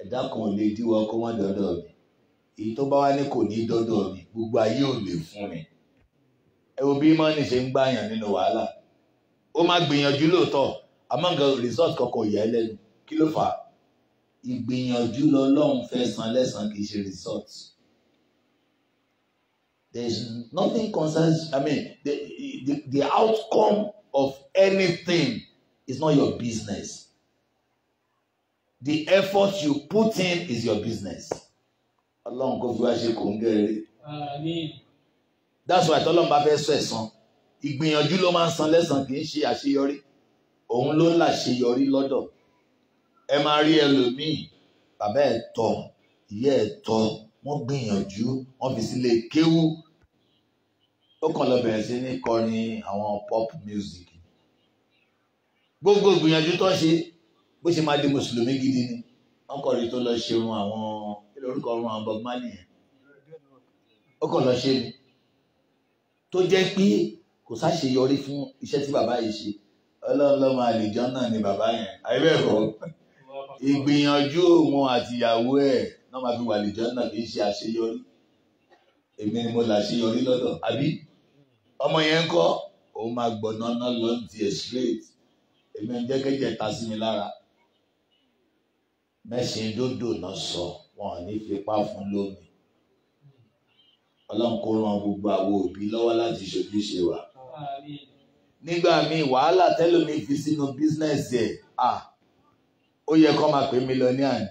ẹ̀dá kan ò lè díwọ́ kó wọ́n dọ́dọ̀ mi èyí tó bá wá ní kò ní dọ́dọ̀ mi gbogbo ayé ò lè fún mi ẹ wo bí mọ́nì ṣe ń gbàyàn nínú wàhálà ó máa gbìyànjú lóòótọ́ àmọ́ nǹkan result yẹ lẹ́nu kí ló fà á ìgbìyànjú lọ́lọ́run fẹ́ san lẹ́san kì í ṣe result. There is nothing concerns, I mean, the, the, the outcome of anything is not your business. The effort you put in is your business. Ọlọ́run kò fi wá ṣe kò ń gẹ̀rẹ́. That's why tọ́lọ́run bá fẹ́ sọ ẹ̀san. Ìgbìyànjú ló máa ń san lẹ́san kì í ṣe àṣeyọrí. Òun ló ń làṣeyọrí lọ́dọ̀. Ẹ máa rí ẹlòmíì, bàbá ẹ̀ tọ̀, ìyá ẹ̀ tọ̀, wọ́n gbìyànjú, wọ́n fi sílé kéwú, ó kàn lọ bẹ̀rẹ̀ sí ní kọrin àwọn pop music gbogbo ìgbìyànjú tó ń ṣe bó ṣe máa di mùsùlùmí gidi ni wọn kọ rí tó lọ ṣe irun àwọn ilé orúkọ irun àwọn Bob Marley yẹn ó kàn lọ ṣe ni tó jẹ́ pé kò sáṣeyọrí fún iṣẹ́ tí bàbá yìí ṣe Ọlọ́run lọmọ àlejò náà ni bàbá yẹn àìbẹ̀rọ ìgbìyànjú òun àtìyàwó ẹ̀ náà máa fi wà àlejò náà kì í ṣe àṣeyọrí èmi ni mo là ṣeyọrí lọ́dọ̀ àbí ọmọ yẹn ń kọ́ òun máa gbọ̀nà náà lọ ti ẹ̀ straight èmi ń jẹ́kẹ́jẹ́ ta sí mi lára mẹ́sìn dódò náà sọ wọn ò ní fipá fún lómi ọlọ́run kó ran gbogbo àwọn òbí lọ́wọ́ láti ṣojúṣe wa nígbà míì wàhálà tẹ́lómi fi sínú bísínẹ́sì ẹ̀ à ó yẹ kó máa pè mí lọ ní àná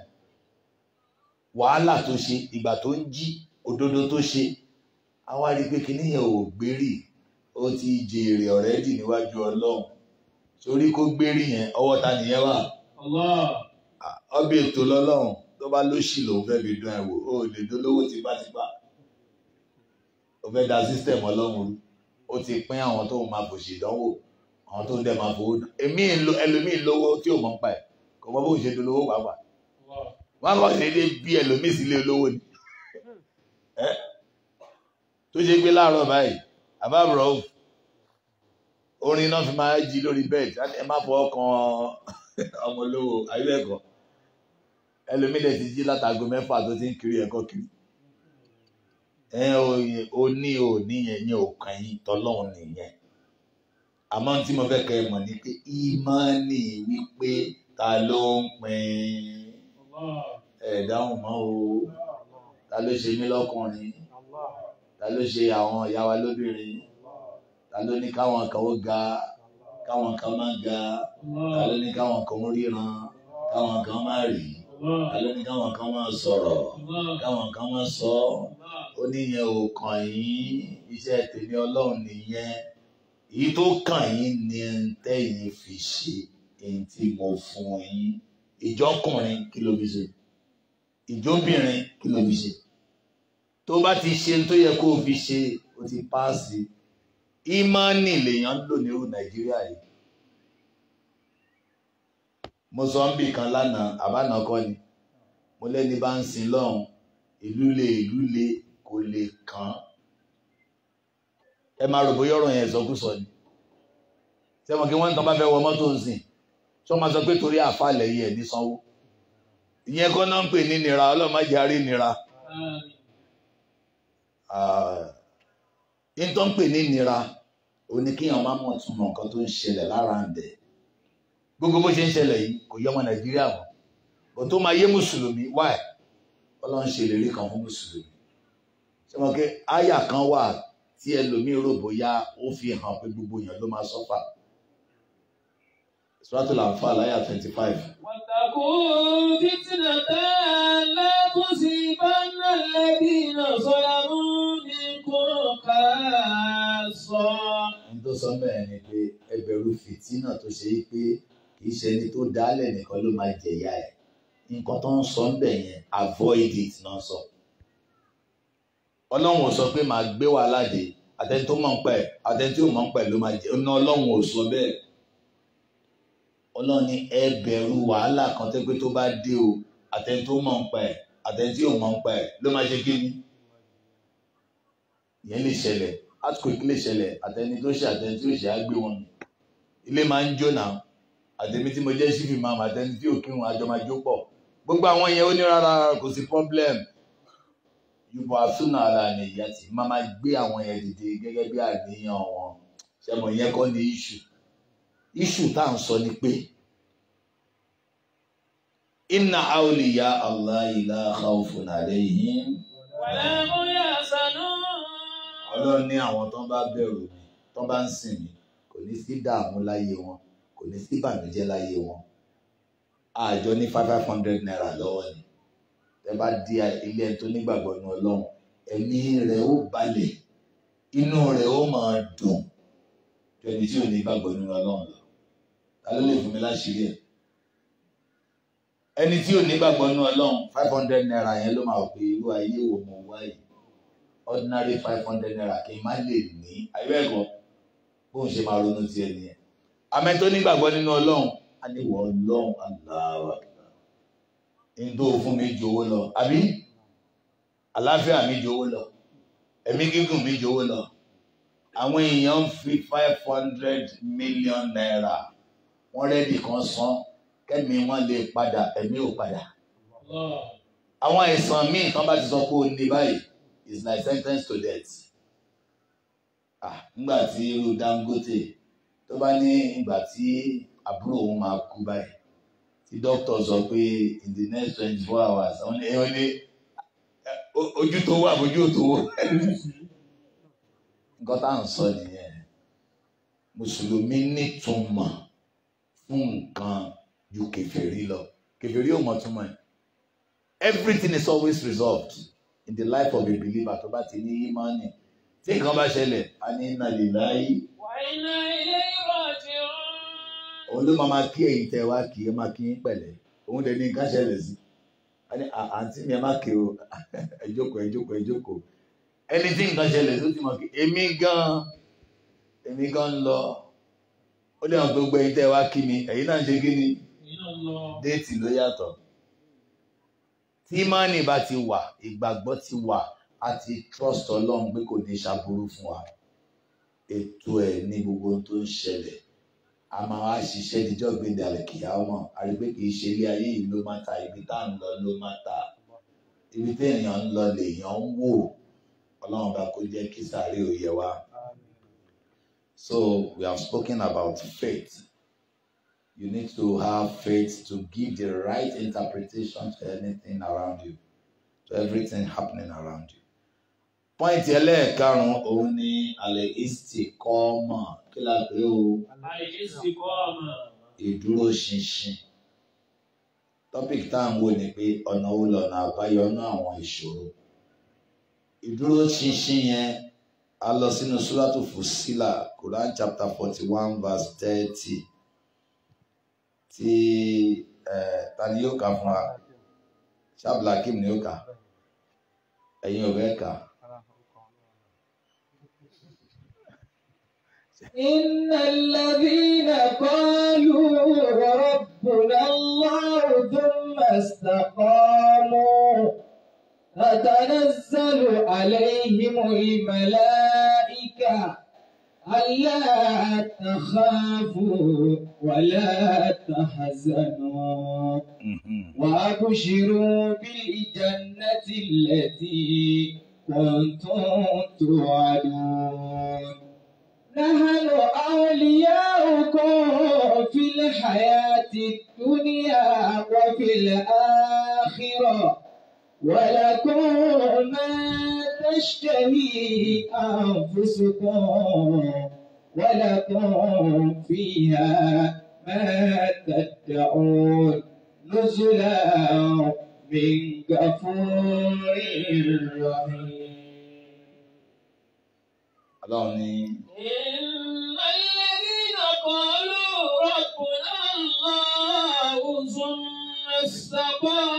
wàhálà tó ṣe ìgbà tó ń jí òdodo tó ṣe àwa rí i pé kinní yẹn ò gbérí ó ti jèrè ọ̀rẹ́dì níwájú ọlọ́run torí kó gbérí yẹn ọwọ́ ta nìyẹn wà. ọbẹ̀ ètò lọ́lọ́run tó bá lóṣì lòun fẹ́ fi dán ẹ wò ó lè dolówó tipátipá ó fẹ́ da sísítẹ̀mù ọlọ́run rú ó ti pín àwọn tó máa fòṣì ìdánwò àwọn tó ń dẹ̀ máa fowó dán èmi ẹlòmíì lówó tí ò mọ̀ ń pa ẹ̀ kò mọ bó ṣe dolówó pàápàá wọn kọ́ ṣe dé bí ẹlòmíì sílé olówó ni tó ṣe gbé láàárọ̀ báyìí àbábọ̀ ọ̀hún orin náà fi máa jí lórí bẹ́ẹ̀dì ẹ má fọ ọkàn ọmọ olówó ayélujára ẹlòmílẹ̀ ti jí látago mẹ́fà tó ti ń kiri ẹ̀kọ́ kiri ẹ ò ní ò níyẹn ní òkàn yìí tọ́lọ́hún nìyẹn àmọ́ tí mo fẹ́ kẹ́ ẹ mọ̀ ni pé ìmọ̀ọ́nì wípé ta ló ń pín ẹ̀ dáhùn mọ́ o ta ló ṣe mí lọ́kùnrin ta ló ṣe àwọn ìyá wa lóbìnrin tàló ní káwọn kan ó ga káwọn kan má ga tàló ní káwọn kan ó ríran káwọn kan má rí tàló ní káwọn kan má sọ̀rọ̀ káwọn kan má sọ ó níyẹn ò kàn yín iṣẹ́ tèmi Ọlọ́run nìyẹn èyí tó kàn yín ni tẹ́yìn fi ṣe èyí tí mo fún yín ìjọkùnrin kí ló fi ṣe ìjọbìnrin kí ló fi ṣe tó bá ti ṣe tó yẹ kó o fi ṣe o ti páàsì ìmọ̀ọ́nì lèèyàn ń lò nírú nàìjíríà yìí mo sọ ń bì kan lánàá àbánà kọ́ ni mo lẹ́ni bá ń sin lọ́hùn ìlú le ìlú le kò lè kàn án ẹ máa rò bóyá ọ̀rọ̀ yẹn ìsọkúsọ ni sẹ́wọ̀n kí wọ́n ń tán bá fẹ́ wọ mọ́tò ń sìn tí wọ́n máa sọ pé torí àfàlẹ̀ yìí ẹ̀ ní sanwó ìyẹn kọ́ náà ń pè ní nira ọlọ́mọdé arí nira nítorí ń pè ní ìnira ó ní kéèyàn má mọ̀ ìtumọ̀ nǹkan tó ń ṣẹlẹ̀ lára ń dẹ̀ gbogbo bó ṣe ń ṣẹlẹ̀ yìí kò yẹ ọmọ nàìjíríà mọ́ bó tó máa yé mùsùlùmí wáì ọlọ́run ṣe ìlérí kan fún mùsùlùmí ṣé wọn pé àyà kan wà tí ẹlòmíín rò bóyá ó fi hàn pé gbogbo èèyàn ló máa sọ́fà suratul Anfal àyà twenty five. wàtàkù fitinata lábùsí bá ń nà lẹ́bí sọ. ẹni tó sọ bẹ́ẹ̀ ni pé ẹbẹ̀rù fìtínà tó ṣe é pé kì í ṣe ẹni tó dálẹ̀ nìkan ló máa jẹ̀yà ẹ̀ nǹkan tó ń sọ bẹ́ẹ̀ yẹn avoid it náà sọ. ọlọ́run ò sọ pé màá gbé wàhálà dé àtẹni tó mọ̀ ń pẹ̀ àtẹni tí ò mọ̀ ń pẹ̀ ló máa jẹ́ ọ̀nà ọlọ́run ò sọ bẹ́ẹ̀. ọlọ́run ní ẹ wàhálà kan tẹ́ pé tó bá dé o àtẹni tó mọ̀ ń pẹ̀ àtẹni tí ò mọ̀ ń ìyẹn lè ṣẹlẹ̀ earthquake lè ṣẹlẹ̀ àtẹni tó ṣe àtẹni tí ó ṣe á gbé wọn ilé máa ń jóná àtẹ̀mí tí mo jẹ́ ṣífì máa mà àtẹni tí òkírun àjọ máa jó pọ̀ gbogbo àwọn yẹn ó ní rárá kò sí problem yùbọ̀ àtúnà ara ni ìyá tí máa máa gbé àwọn yẹn dìde gẹ́gẹ́ bí àníyàn wọn ṣẹmọ ìyẹn kọ́ ni iṣu iṣu tá à ń sọ ni pé inna awliya Allah la khawfun alayhim. wàlẹ́ mú yà sánú ọlọ́run ní àwọn tó ń bá bẹ̀rù mi tó ń bá ń sìn mi kò ní sí dààmú láyé wọn kò ní sí bànújẹ́ láyé wọn àjọ ní five five hundred naira lọ́wọ́ ni tẹ bá di ilé ẹni tó nígbàgbọ́ ní ọlọ́run ẹ̀mí rẹ̀ ó balẹ̀ inú rẹ̀ ó máa dùn ju ẹni tí ò ní gbàgbọ́ nínú ọlọ́run lọ ta lè fún mi láṣìírí ẹ̀ ẹni tí ò ní gbàgbọ́ nínú ọlọ́run five hundred naira yẹn ló máa pè irú ayé wo mo wá ordinary five hundred naira kí n má lè ní ayélujára bóun ṣe máa ronú tiẹ̀ nìyẹn amẹ́ tó nígbàgbọ́ nínú ọlọ́run á ní wọ́n ọlọ́run aláwa ndó fún mi ju owó lọ àbí àláfíà mi ju owó lọ ẹ̀mí gígùn mi ju owó lọ àwọn èèyàn ń fi five hundred million naira wọ́n rẹ́dì kan san kẹ́mi wọ́n lè padà ẹ̀mí ò padà àwọn ẹ̀sán míì kan bá ti sọ pé ó ní báyìí is like sentence to death ah, nígbà tí irú Dangote tó bá ní ìgbà tí àbúrò òun máa kú báyìí tí dókítà sọ pé in the next twenty four hours àwọn ní ẹ̀yọ́ ní ojú tó wà bójú tó wò nǹkan tá à ń sọ nìyẹn mùsùlùmí nítumọ̀ fún nǹkan ju kèfèrí lọ kèfèrí ò mọ̀ túmọ̀ everything is always resolved in the life of a believer tó bá ti ní ìmánì tí nǹkan bá ṣẹlẹ̀ a ní inna lillahi. wa inna ilayhi raji'un. òun ló máa máa kí ẹ̀yin tẹ wá kì í máa kí í pẹ̀lẹ́ òun dẹ̀ ní nǹkan ṣẹlẹ̀ sí i àǹtí mi ẹ má kí o ẹ jókòó ẹ jókòó ẹ jókòó ẹni tí nǹkan ṣẹlẹ̀ ló ti mọ̀ kí èmi gan èmi gan ń lọ ó dẹ̀ wọn gbogbo ẹ̀yin tẹ wá kí mi ẹ̀yin náà ń ṣe kí ni déètì ló yàtọ̀ tí bá ti wà ìgbàgbọ́ ti wà a ti trust ọlọ́run pé kò ní ṣàbúrú fún wa ètò ẹ̀ ní gbogbo tó ń ṣẹlẹ̀ a máa wá ṣiṣẹ́ níjọ́ gbẹ̀dẹ̀ àlẹ́kìyà ọmọ a kì í ṣe ilé ayé yìí ló máa ta ibi tá à ń lọ ló máa ta ibi téèyàn ń lọ lèèyàn ń wò ọlọ́run bá kó jẹ́ kí sáré òye wa so we have spoken about faith you need to have faith to give the right interpretation to anything around you, to everything happening around you. Point ẹlẹ́ẹ̀karùn-ún òun ni àlẹ́ istikọ́mọ̀ kí la pè o. Àlẹ́ istikọ́mọ̀. Ìdúró ṣinṣin. Topic tá à ń wò ni pé ọ̀nà wo lọ̀nà àbáyọ náà àwọn ìṣòro. Ìdúró ṣinṣin yẹn a lọ sínú Súrátù Fusila, Quran chapter forty one verse thirty. tí ta ni yóò kà fún wa ṣáàbùlákìm ni ẹ̀yin ò fẹ́ إن الذين قالوا ربنا الله ثم استقاموا تتنزل عليهم الملائكة ألا تخافوا ولا تحزنوا وأبشروا بالجنة التي كنتم توعدون نحن أولياؤكم في الحياة الدنيا وفي الآخرة ولكم ما تشتهي أنفسكم ولكم فيها ما تدعون نزلا من غفور رحيم اللهم قالوا ربنا الله ثم استقاموا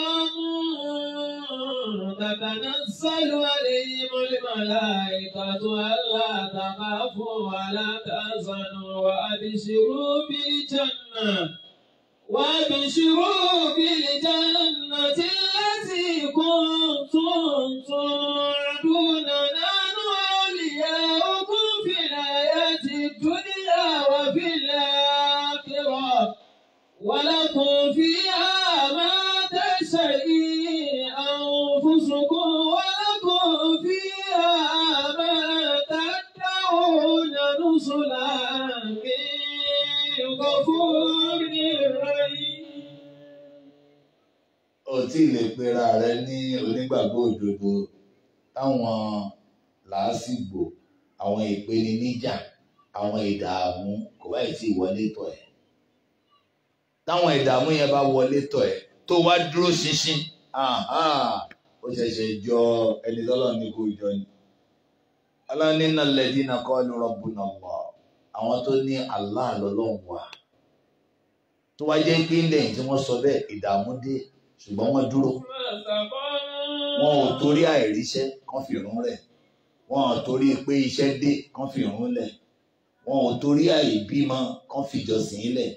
تنزل عليهم الملائكة ألا تخافوا ولا تحزنوا وأبشروا بالجنة وأبشروا بالجنة التي كنتم pera rẹ ní onígbàgbọ́ òdodo táwọn làásìgbò àwọn ìpèníjà àwọn ìdààmú kò bá yìí tí wọlé tọ̀ ẹ́ táwọn ìdààmú yẹn bá wọlé tọ̀ ẹ́ tó wá dúró ṣinṣin ó ṣẹ̀ṣẹ̀ jọ ẹni tọ́lọ́ ní kó jọ ni ọlọ́run nínú alladhina qalu rabbuna Allah àwọn tó ní Allah lọ́lọ́run wà tó wá jẹ́ pé lẹ́yìn tí wọ́n sọ bẹ́ẹ̀ ìdààmú dé ṣùgbọ́n wọ́n dúró wọn ò torí àìríṣẹ́ kàn fi ìrun rẹ̀ wọn ò torí pé iṣẹ́ dé kàn fi ìrun lẹ̀ wọn ò torí àìbímọ kàn fi ìjọsìn lẹ̀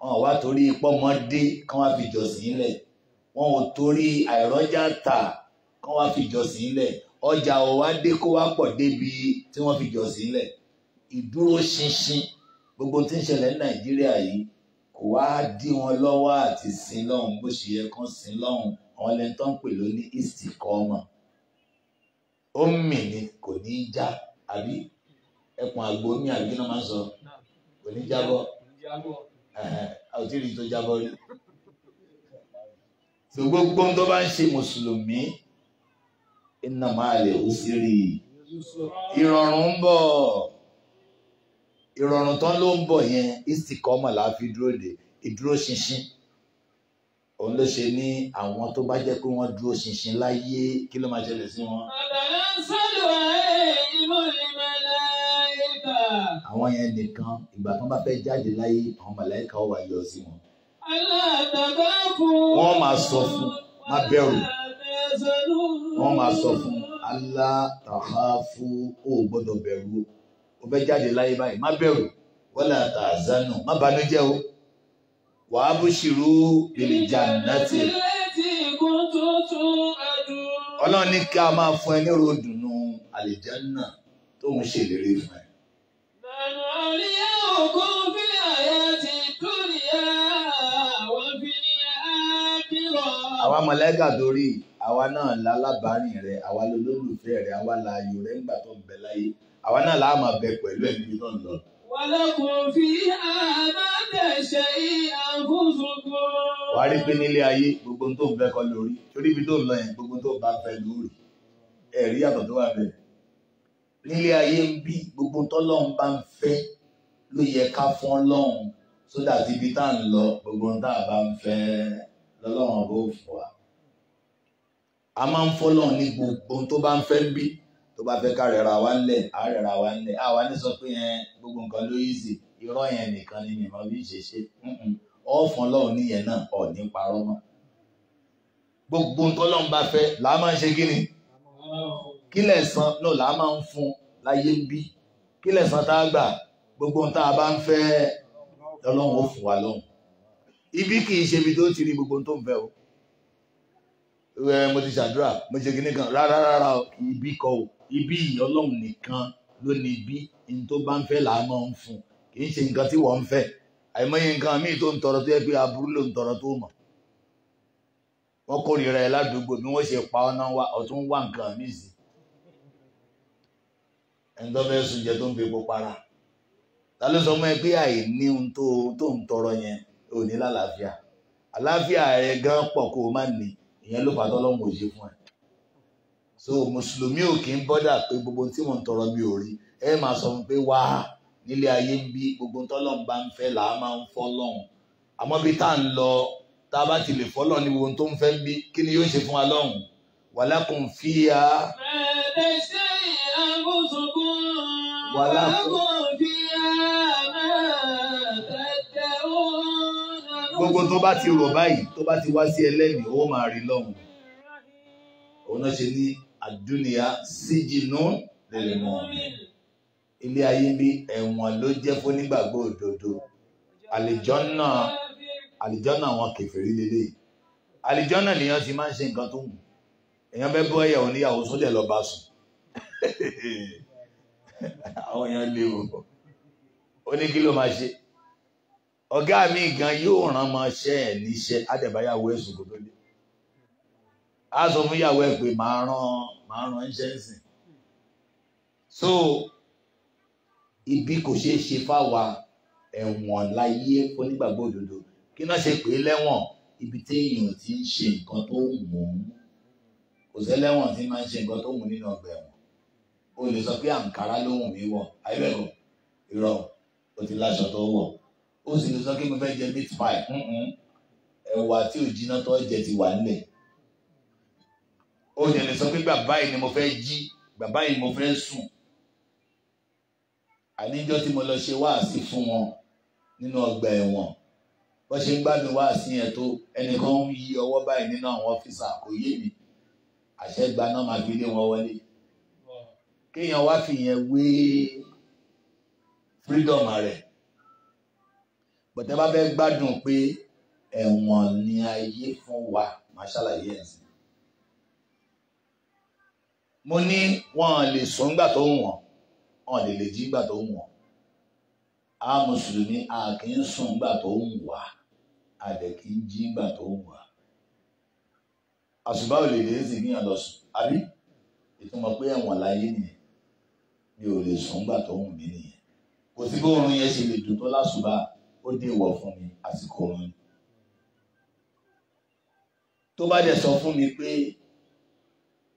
wọn ò wá torí pọ́mọ dé kàn wá fi ìjọsìn lẹ̀ wọn ò torí àìrọ́jà tà kàn wá fi ìjọsìn lẹ̀ ọjà ò wá dé kó wá pọ̀ débi tí wọ́n fi ìjọsìn lẹ̀ ìdúró ṣinṣin gbogbo tí ń ṣẹlẹ̀ ní Nàìjíríà yìí kò wá dí wọn lọ́wọ́ àti sin lọ́hùn bó ṣe yẹ kán sin lọ́hùn àwọn lẹ́ni tó ń pè ló ní istikọ́mà ó ń mì ni kò ní í já àbí ẹkùn àgbo ní àbí náà máa ń sọ kò ní jábọ́ a ò tí ì rí tó jábọ́ rí so gbogbo tó bá ń ṣe mùsùlùmí iná máa lè hù sí rí ìrọ̀rùn ń bọ̀ ìrọ̀rùn tán ló ń bọ̀ yẹn istikọ́mọ̀ la fi dúró de ìdúró ṣinṣin òun ló ṣe ní àwọn tó bá jẹ́ pé wọ́n dúró ṣinṣin láyé kí ló máa ṣẹlẹ̀ sí wọn. àbẹ̀lẹ̀ ń sọ̀rọ̀ ìmọ̀ ìmọ̀lẹ̀ ìkà. àwọn yẹn nìkan ìgbà tó bá fẹ́ jáde láyé àwọn màláìka ó wà yọ sí wọn. aláàtàkà fún. wọ́n máa sọ fún má bẹ̀rù wọ́n máa sọ fún aláàtàkà fún ó gbọ́dọ̀ bẹ̀rù o bẹ jáde láyé báyìí má bẹ̀rù wala tazanu má banújẹ́ o wa abshiru bil jannati. ọlọ́run ní ká máa fún ẹ ní ròdùnú àlìjánná tó ń ṣèlérí fún ẹ. àwa mọ̀lẹ́gà dórí àwa náà lálábàárìn rẹ̀ àwa lolólùfẹ́ rẹ̀ àwa lààyò rẹ̀ ńgbà tó ń bẹ láyé àwa náà láàmà bẹ pẹ̀lú ẹ̀ níbi náà lọ. wàlẹ́kùn fi àbátẹ̀ṣe àfúnṣùkú. wàá rí pé nílé ayé gbogbo tó ń bẹ́kọ lórí torí ibi tó ń lọ yẹn gbogbo tó bá fẹ́ lórí ẹ̀rí yàtọ̀ tó wà bẹ́ẹ̀. nílé ayé ń bí gbogbo tọ́lọ́run bá ń fẹ́ ló yẹ ká fún ọlọ́run sódà tí ibi tá à ń lọ gbogbo tá a bá ń fẹ́ lọ́lọ́run bó fún wa. a máa ń fọ́lọ́run ní gbogbo tó bá ń fẹ́ bí tó bá fẹ́ ká rẹ̀ra wa ńlẹ̀ á rẹ̀ra wa ńlẹ̀ á wa ní sọ pé ẹ gbogbo nǹkan ló yí sí irọ́ yẹn nìkan ni mìíràn bí ṣe ṣe ọ̀fun ọlọ́run níyẹn náà ọ̀ ní parọ́ mọ́ gbogbo nǹkan ọlọ́run bá fẹ́ làá máa ń ṣe kí ni kí lẹ̀san náà làá máa ń fún láyé ń bí kí lẹ̀san tá a gbà gbogbo ohun tá a bá ń fẹ́ ọlọ́run ó fún wa lọ́hùn ibi kì í ṣe ibi tó ti rí gbogbo ohun tó ń fẹ́ o mo ti ṣàdúrà mo ṣe kinní kan rárá rárá ibi kọ o ibi ọlọ́run nìkan ló ní ibi ní tó bá ń fẹ́ là á máa ń fún kì í ṣe nǹkan tí wọ́n ń fẹ́ àìmọye nǹkan míì tó ń tọrọ tó yẹ pé aburú ló ń tọrọ tó mọ̀ wọ́n kórìíra ẹ ládùúgbò bí wọ́n ṣe pa ọ́ náà wá ọ̀tún wá nǹkan míì sí ẹni tó fẹ́ sùn tó ń fi epo para ta ló sọ fún ẹ pé àìní ohun tó ń tọrọ yẹn ò ní lálàáfíà àlàáfíà rẹ gan pọ̀ kó o má ní ìyẹn ló pàtó ọlọ́run òye fún ẹ so mùsùlùmí ò kì í bọ́dà pé gbogbo tí mò ń tọrọ mi ò rí ẹ máa sọ pé wá nílé ayé ń bí gbogbo tọ́lọ́run bá ń fẹ́ là máa ń fọ́ lọ́hùn àmọ́ bí tá à ń lọ tá a bá ti lè fọ́ lọ́hùn ní gbogbo tó ń fẹ́ ń bí kí ni yóò ṣe fún wa lọ́hùn walakum fiha. bẹ́ẹ̀ bẹ́ẹ̀ ṣe àkóso kan walakum fiha. gbogbo tó bá ti rò báyìí tó bá ti wá sí ẹlẹ́nìí ó máa rí lọ́hùn òun náà ṣe ní àdúnìyá síjìnú lèlè mọ́ ilé ayé bí ẹ̀wọ̀n ló jẹ́ fún nígbàgbọ́ òdodo àlìjọ́nà àlìjọ́nà àwọn kẹfẹ́rí lélẹ̀ àlìjọ́nà lèèyàn ti máa ń ṣe nǹkan tó wù èèyàn bẹ́ bọ́ ẹ̀yà oníyàwó sódì lọ bá sùn àwọn èèyàn léwu ó ní kí ló máa ṣe ọ̀gá mi gan yóò ràn mọ́ ṣẹ́ ẹ̀ níṣẹ́ àtẹ̀báyàwó ẹ̀sùn kò tó dé a sọ fún ìyàwó ẹ̀ pé màá rán màá rán iṣẹ́ ń so ibi kò ṣeé ṣe fáwa ẹ̀wọ̀n láyé fún nígbàgbọ́ òdodo kí náà ṣe pé lẹ́wọ̀n ibi téèyàn ti ń ṣe nǹkan tó wù ú kò sẹ́lẹ́wọ̀n tí máa ń ṣe nǹkan tó wù nínú ọgbà ẹ̀wọ̀n o lè sọ pé àǹkárá ló wù mí wọ̀ ayélujára ìrọ̀ o ti láṣọ tó wọ̀ ó sì lè sọ kí mo fẹ́ jẹ meat pie ẹ̀wà tí ò jiná tó jẹ ti wà nílẹ̀ ó sì lè sọ pé bàbá yìí ni mo fẹ́ jí bàbá yìí ni mo fẹ́ sùn àníjọ́ tí mo lọ ṣe wáàsí fún wọn nínú ọgbà ẹ̀wọ̀n wọ́n ṣe ń gbádùn wáàsí yẹn tó ẹnìkan ń yí ọwọ́ báyìí nínú àwọn ọ́fíìsà kò mi àṣẹ gba náà máa fi lé wọn wọlé kéèyàn wá fi yẹn wé freedom rẹ̀ pẹ̀tẹ́ bá fẹ́ gbádùn pé ẹ̀wọ̀n ni ayé fún wa màá ṣàlàyé ẹ̀ sí. mo ní wọn lè sùn nígbà tó ń wọ̀n wọn lè lè jí nígbà tó ń wọ̀n a mùsùlùmí a kì í sùn nígbà tó ń wà a dẹ̀ kì í jí nígbà tó ń wà. àṣùbà lè lè sí ní àlọ́sùn àbí ìtumọ̀ pé ẹ̀wọ̀n láyé nìyẹn mi ò lè sùn nígbà tó ń wù mí nìyẹn kò sí bó oorun yẹn ṣe lè dùn tó lásùbà ó dé ìwọ̀ fún mi àsìkò òun tó bá dẹ̀ sọ fún mi pé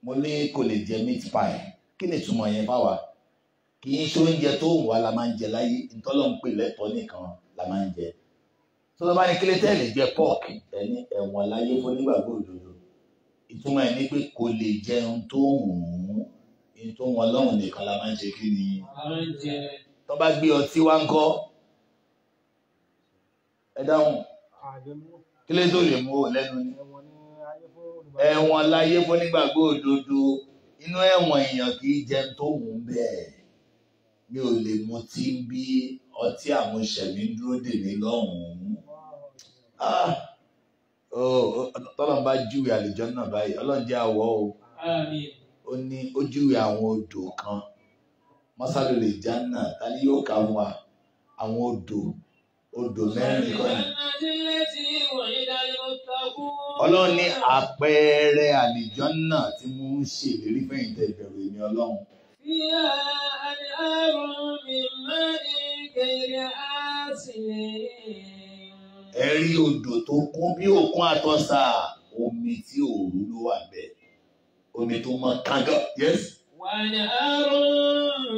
mo ní kò lè jẹ meat pie kí ni ìtumọ̀ yẹn bá wa kì í ṣe oúnjẹ tó wù wá la máa ń jẹ láyé ìtọ́lọ́ ń pè lẹ́tọ́ nìkan la máa ń jẹ tó lọ́ bá ní kílé tẹ́lẹ̀ jẹ pọ́ọ̀kì ẹni ẹ̀wọ̀n láyé fún nígbàgbọ́ òdodo ìtumọ̀ ẹ̀ ní pé kò lè jẹun tó wù ú ní tó wọn lọ́hùn nìkan la máa ń jẹ kí ni tó bá gbé ọtí wá ń kọ́ ẹ dáhùn kí lè tó lè mú ò lẹ́nu ni ẹ̀wọ̀n láyé fún nígbàgbọ́ òdodo inú ẹ̀wọ̀n èèyàn kì í jẹun tó wù ú bẹ́ẹ̀ mi ò lè mutí bí ọtí àmúṣẹ̀mí dúró dè mí lọ́hùn-ún ah! tọ́lọ́n bá júwe àlejò náà báyìí ọlọ́run àwọ̀ o ó ní ó júwe àwọn odò kan mọ́sálò lè já náà ta yóò kà fún àwọn odò odò mẹ́rin kọ́ ni. ọlọ́run ní àpẹẹrẹ àlìjọ́nà tí mo ń ṣèlérí fẹ̀yìn tẹ ìbẹ̀rù èmi ọlọ́run. Fíyà àdìhàrùn mi máa ní kẹ̀yà àtìlẹ́yìn. Ẹ rí odò tó kún bí òkun àtọ́sà, omi tí òru ló wà bẹ́ẹ̀, omi tó mọ́ kángán, yẹ́sì. ونهار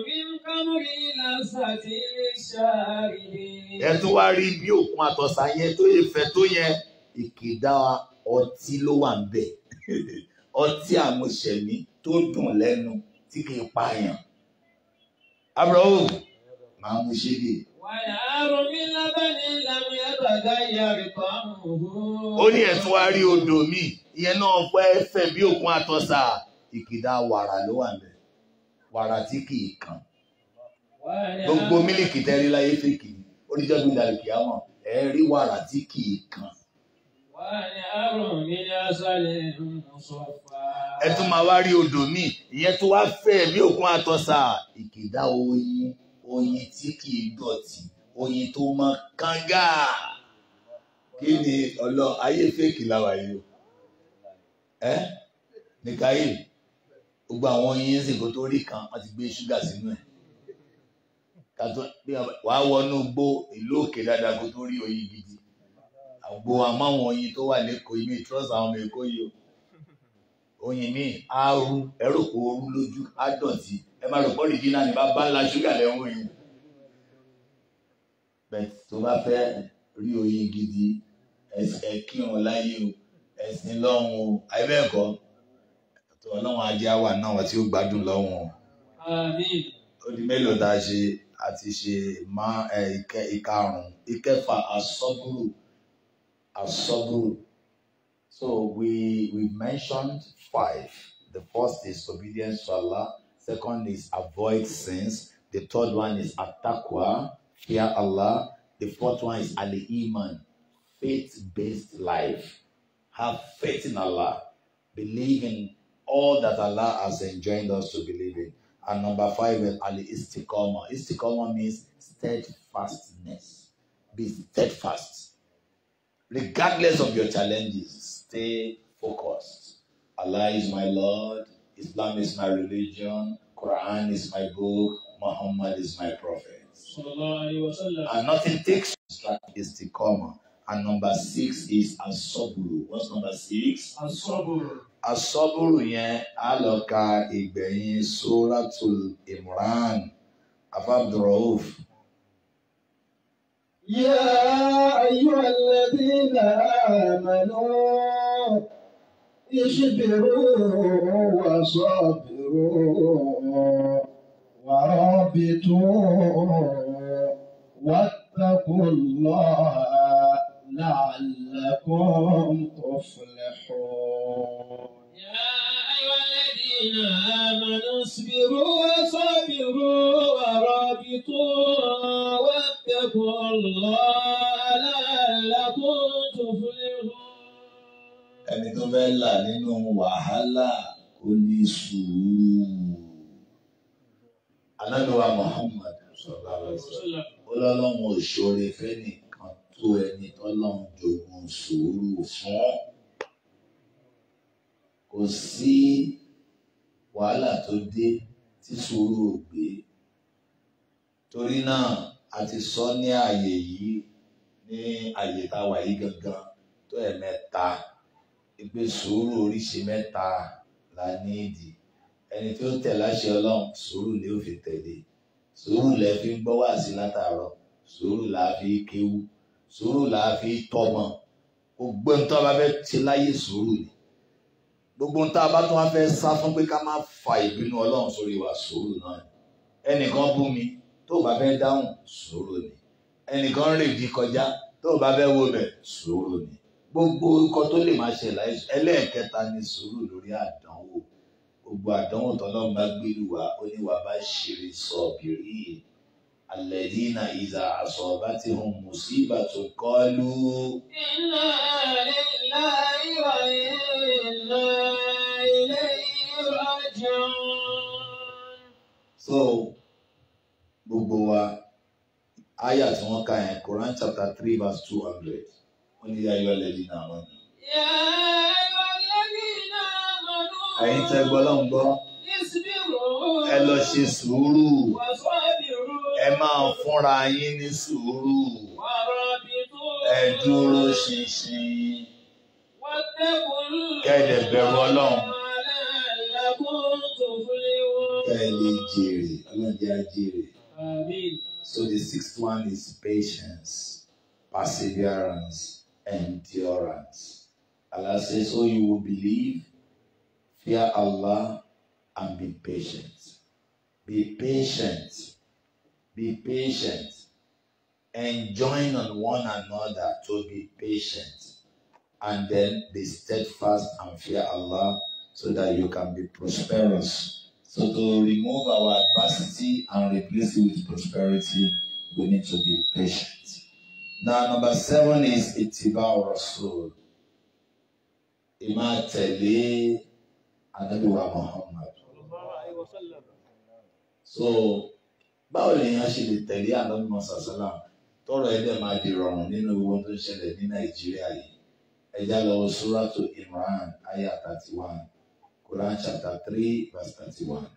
من خمر لذة للشاربين ẹ tún wá rí bí òkun àtọ̀sà yẹn tó yẹ fẹ́ tó yẹn ìkìdá ọtí ló wà ń bẹ̀ ọtí àmúṣẹ̀mí tó dùn lẹ́nu tí kì í pààyàn. Abrahu máa mú ṣe dé. Ó ní ẹ̀tún wá rí odò míì, ìyẹn náà pẹ́ fẹ̀ bí òkun àtọ̀sà, ìkìdá wàrà ló wà ń bẹ̀ wàrà tí kì í kan gbogbo mílìkì tẹ́rí láyé fèkì ni oníjọ́ gbé dàrú kìá mọ̀ ẹ rí wàrà tí kì í kan. ẹ tún máa wá rí odò míì ìyẹn tó wá fẹ́ bí òkun àtọ́sà ìkìdá oyin oyin tí kì í dọ̀tí oyin tó mọ kánga kí ni ọlọ ayé fèkì làwà yìí o ẹ nìkan yìí gbogbo àwọn yín sì kó tó rí kan wọ́n ti gbé ṣúgà sínú ẹ̀ wàá wọnú gbó ìlú òkè dáadáa kó tó rí oyin gidi àgbo àmáwọn oyin tó wà lẹ́kọ̀ọ́ ìmí trọ́sì àwọn ọmọ èkó yìí o oyin míì á rú ẹrù kó rú lójú á dọ̀tí ẹ má rò pọ́ rìndí ní bá bá ńlá ṣúgà lẹ́wọ̀n yìí bẹ́ẹ̀ tó bá fẹ́ rí oyin gidi ẹ kírun láyé o ẹ̀sìn lọ́hùn-ún àìbẹ́ẹ̀kọ́. tó ajé wà tí ó gbádùn ṣe àti ṣe má ìkẹ ìkarùn ìkẹfà asọ́gùrù asọ́gùrù so we we mentioned five the first is obedience to Allah second is avoid sins the third one is atakwa fear Allah the fourth one is al-iman faith-based life have faith in Allah believe in all that Allah has enjoined us to believe in. And number five is al istiqama. Istiqama means steadfastness. Be steadfast. Regardless of your challenges, stay focused. Allah is my Lord. Islam is my religion. Quran is my book. Muhammad is my prophet. And nothing takes istiqama. And number six is asabru. What's number six? Asabru. asọ́bùrù yẹn á lọ ka ìgbẹ̀yìn suratul imran afabdurrauf. يا أيها الذين آمنوا اصبروا وصابروا ورابطوا واتقوا الله لعلكم تفلحون الذين آمنوا اصبروا وصبروا ورابطوا واتقوا الله لعلكم تفلحون ẹni tó fẹ́ là nínú wàhálà ó ní sùúrù alábẹ́wà Muhammad sallallahu alaihi wasallam ọlọ́run òṣèré fẹ́nìkan tó ẹni tọ́lọ́run jogún sùúrù fún kò sí wàhálà tó dé tí sùúrù ò gbé torí náà a ti sọ ní àyè yìí ní àyè tá a wà yìí gangan tó ẹ̀mẹ́ta ìgbé sùúrù oríṣi mẹ́ta la ní ìdí ẹni tí ó tẹ̀ láṣẹ ọlọ́run sùúrù ni ó fi tẹ̀lé sùúrù lẹ fi ń gbọ́ wá sí látàárọ̀ sùúrù là á fi kéwú sùúrù là á fi tọmọ gbogbo ń tọ́ ti láyé sùúrù ni gbogbo ń tá a bá tún wá fẹ́ sá fún pé ká má fa ìbínú ọlọ́run sórí wa sùúrù náà ẹnìkan bú mi tó bá fẹ́ dáhùn sùúrù ni ẹnìkan rè di kọjá tó bá fẹ́ wo bẹ̀ sùúrù ni gbogbo ikọ̀ tó lè máa ṣe láì ẹlẹ́ẹ̀kẹta ni sùúrù lórí àdánwò gbogbo àdánwò tọ́lọ́run bá wa ó ní wàá bá ṣeré sọ yìí الذين إذا أصابتهم مصيبة قالوا إنا لله وإنا إليه راجعون So, gbogbo wa, àyà tí wọ́n kà yẹn, Quran chapter three verse two hundred, wọ́n ní ayọ̀ lẹ́dí náà wọ́n ní. Ẹ̀yin tẹ́ gbọ́ lọ́n ẹ lọ ṣe sùúrù. Wàásù ẹ máa fúnra yín ní sùúrù ẹ dúró ṣinṣin kẹ́ẹ̀dẹ̀ bẹ̀rù ọlọ́run kẹ́ẹ̀ jèrè ọlọ́jà jèrè. So the sixth one is patience, perseverance, endurance. Allah says, so oh, you will believe, fear Allah, and be patient. Be patient. Be patient. and join on one another to be patient. And then be steadfast and fear Allah so that you can be prosperous. So to remove our adversity and replace it with prosperity, we need to be patient. Now number seven is itiba Rasul. Ima tẹ̀lé Muhammad. So báwo lèèyàn ṣe lè tẹ̀lé ànábì Mùsá sọ́lá tọrọ ẹ̀ dẹ̀ máa di rọrùn nínú owó tó ń ṣẹlẹ̀ ní Nàìjíríà yìí ẹja lọ wo Suratu Imran aya thirty one Quran chapter three verse thirty one.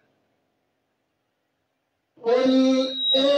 ó ní ẹ́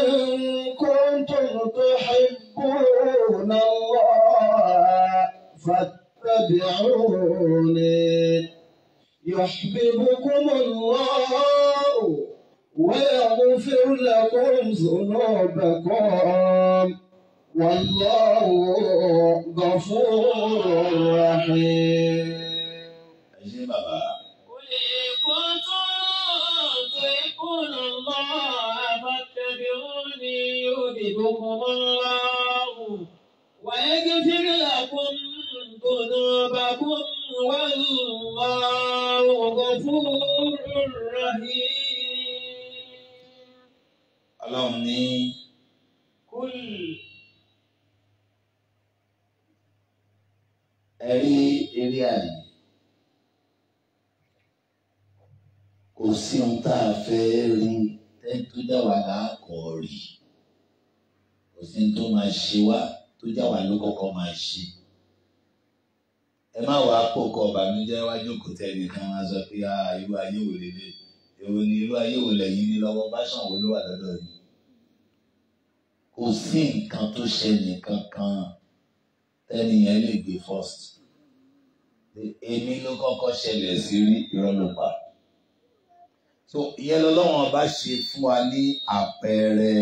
ọlọ́run bá ṣe fún wa ní àpẹẹrẹ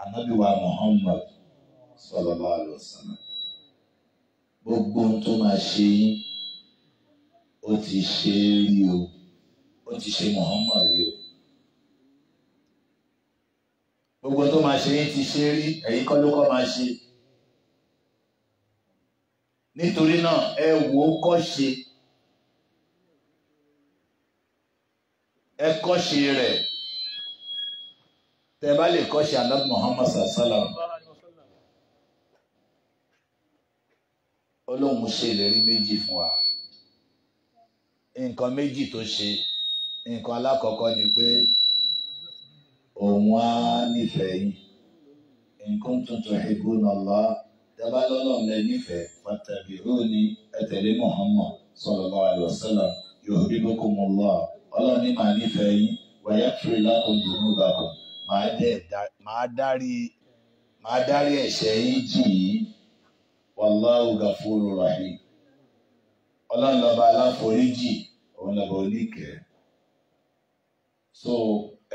anábìwa Muhammad sallallahu alaihi wasallam gbogbo ohun tó máa ṣe yín ó ti ṣe é rí o ó ti ṣe Muhammad rí o gbogbo tó máa ṣe yín ti ṣe rí ẹ̀yin kọ́ ló kọ́ máa ṣe nítorí náà ẹ wò ó kọ́ ṣe. ẹ rẹ rẹ̀ bá lè kọ́ṣe muhammad sallam ọlọ́run ṣe ìlérí méjì fún wa nǹkan méjì tó ṣe nǹkan alákọ̀ọ́kọ́ ni pé òun á nífẹ̀ẹ́ yín nǹkan tuntun ìbùnà Allah dábà lọ́nà lẹ nífẹ̀ẹ́ pàtàkì rúni ẹ muhammad sallallahu alaihi màá nífẹ̀ẹ́ yín dùnú màá dárí ẹ̀ṣẹ̀ yín jì yín ọlọ́run lọ́ba aláforíjì òun lọ́ba oníkẹ́ so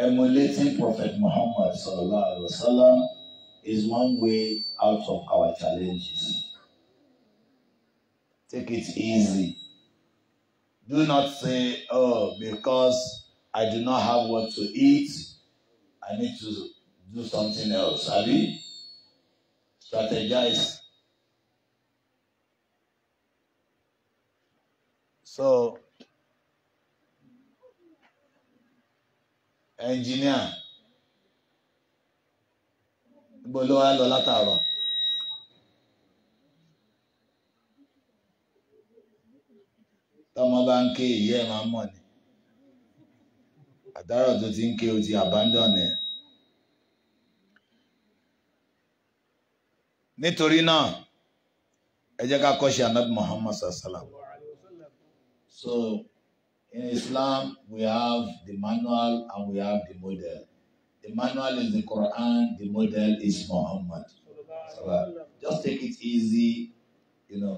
emulating prophet muhammad sallallahu alaihi wa sallam is one way out of our challenges take it easy. Do not say, oh, because I do not have what to eat, I need to do something else. Abi? Strategize. So, engineer, gbọ́dọ̀ wá tọ́mọ bá ń ké ìyá ẹ̀ máa mọ̀ ni àtàrà tó ti ń ké o ti abandon ẹ̀. nítorí náà ẹ jẹ́ ká kọ́ ṣe anabi Muhammad sallallahu alaihi wasallam. So in Islam we have the manual and we have the model. The manual is the Quran, the model is Muhammad. So, just take it easy, you know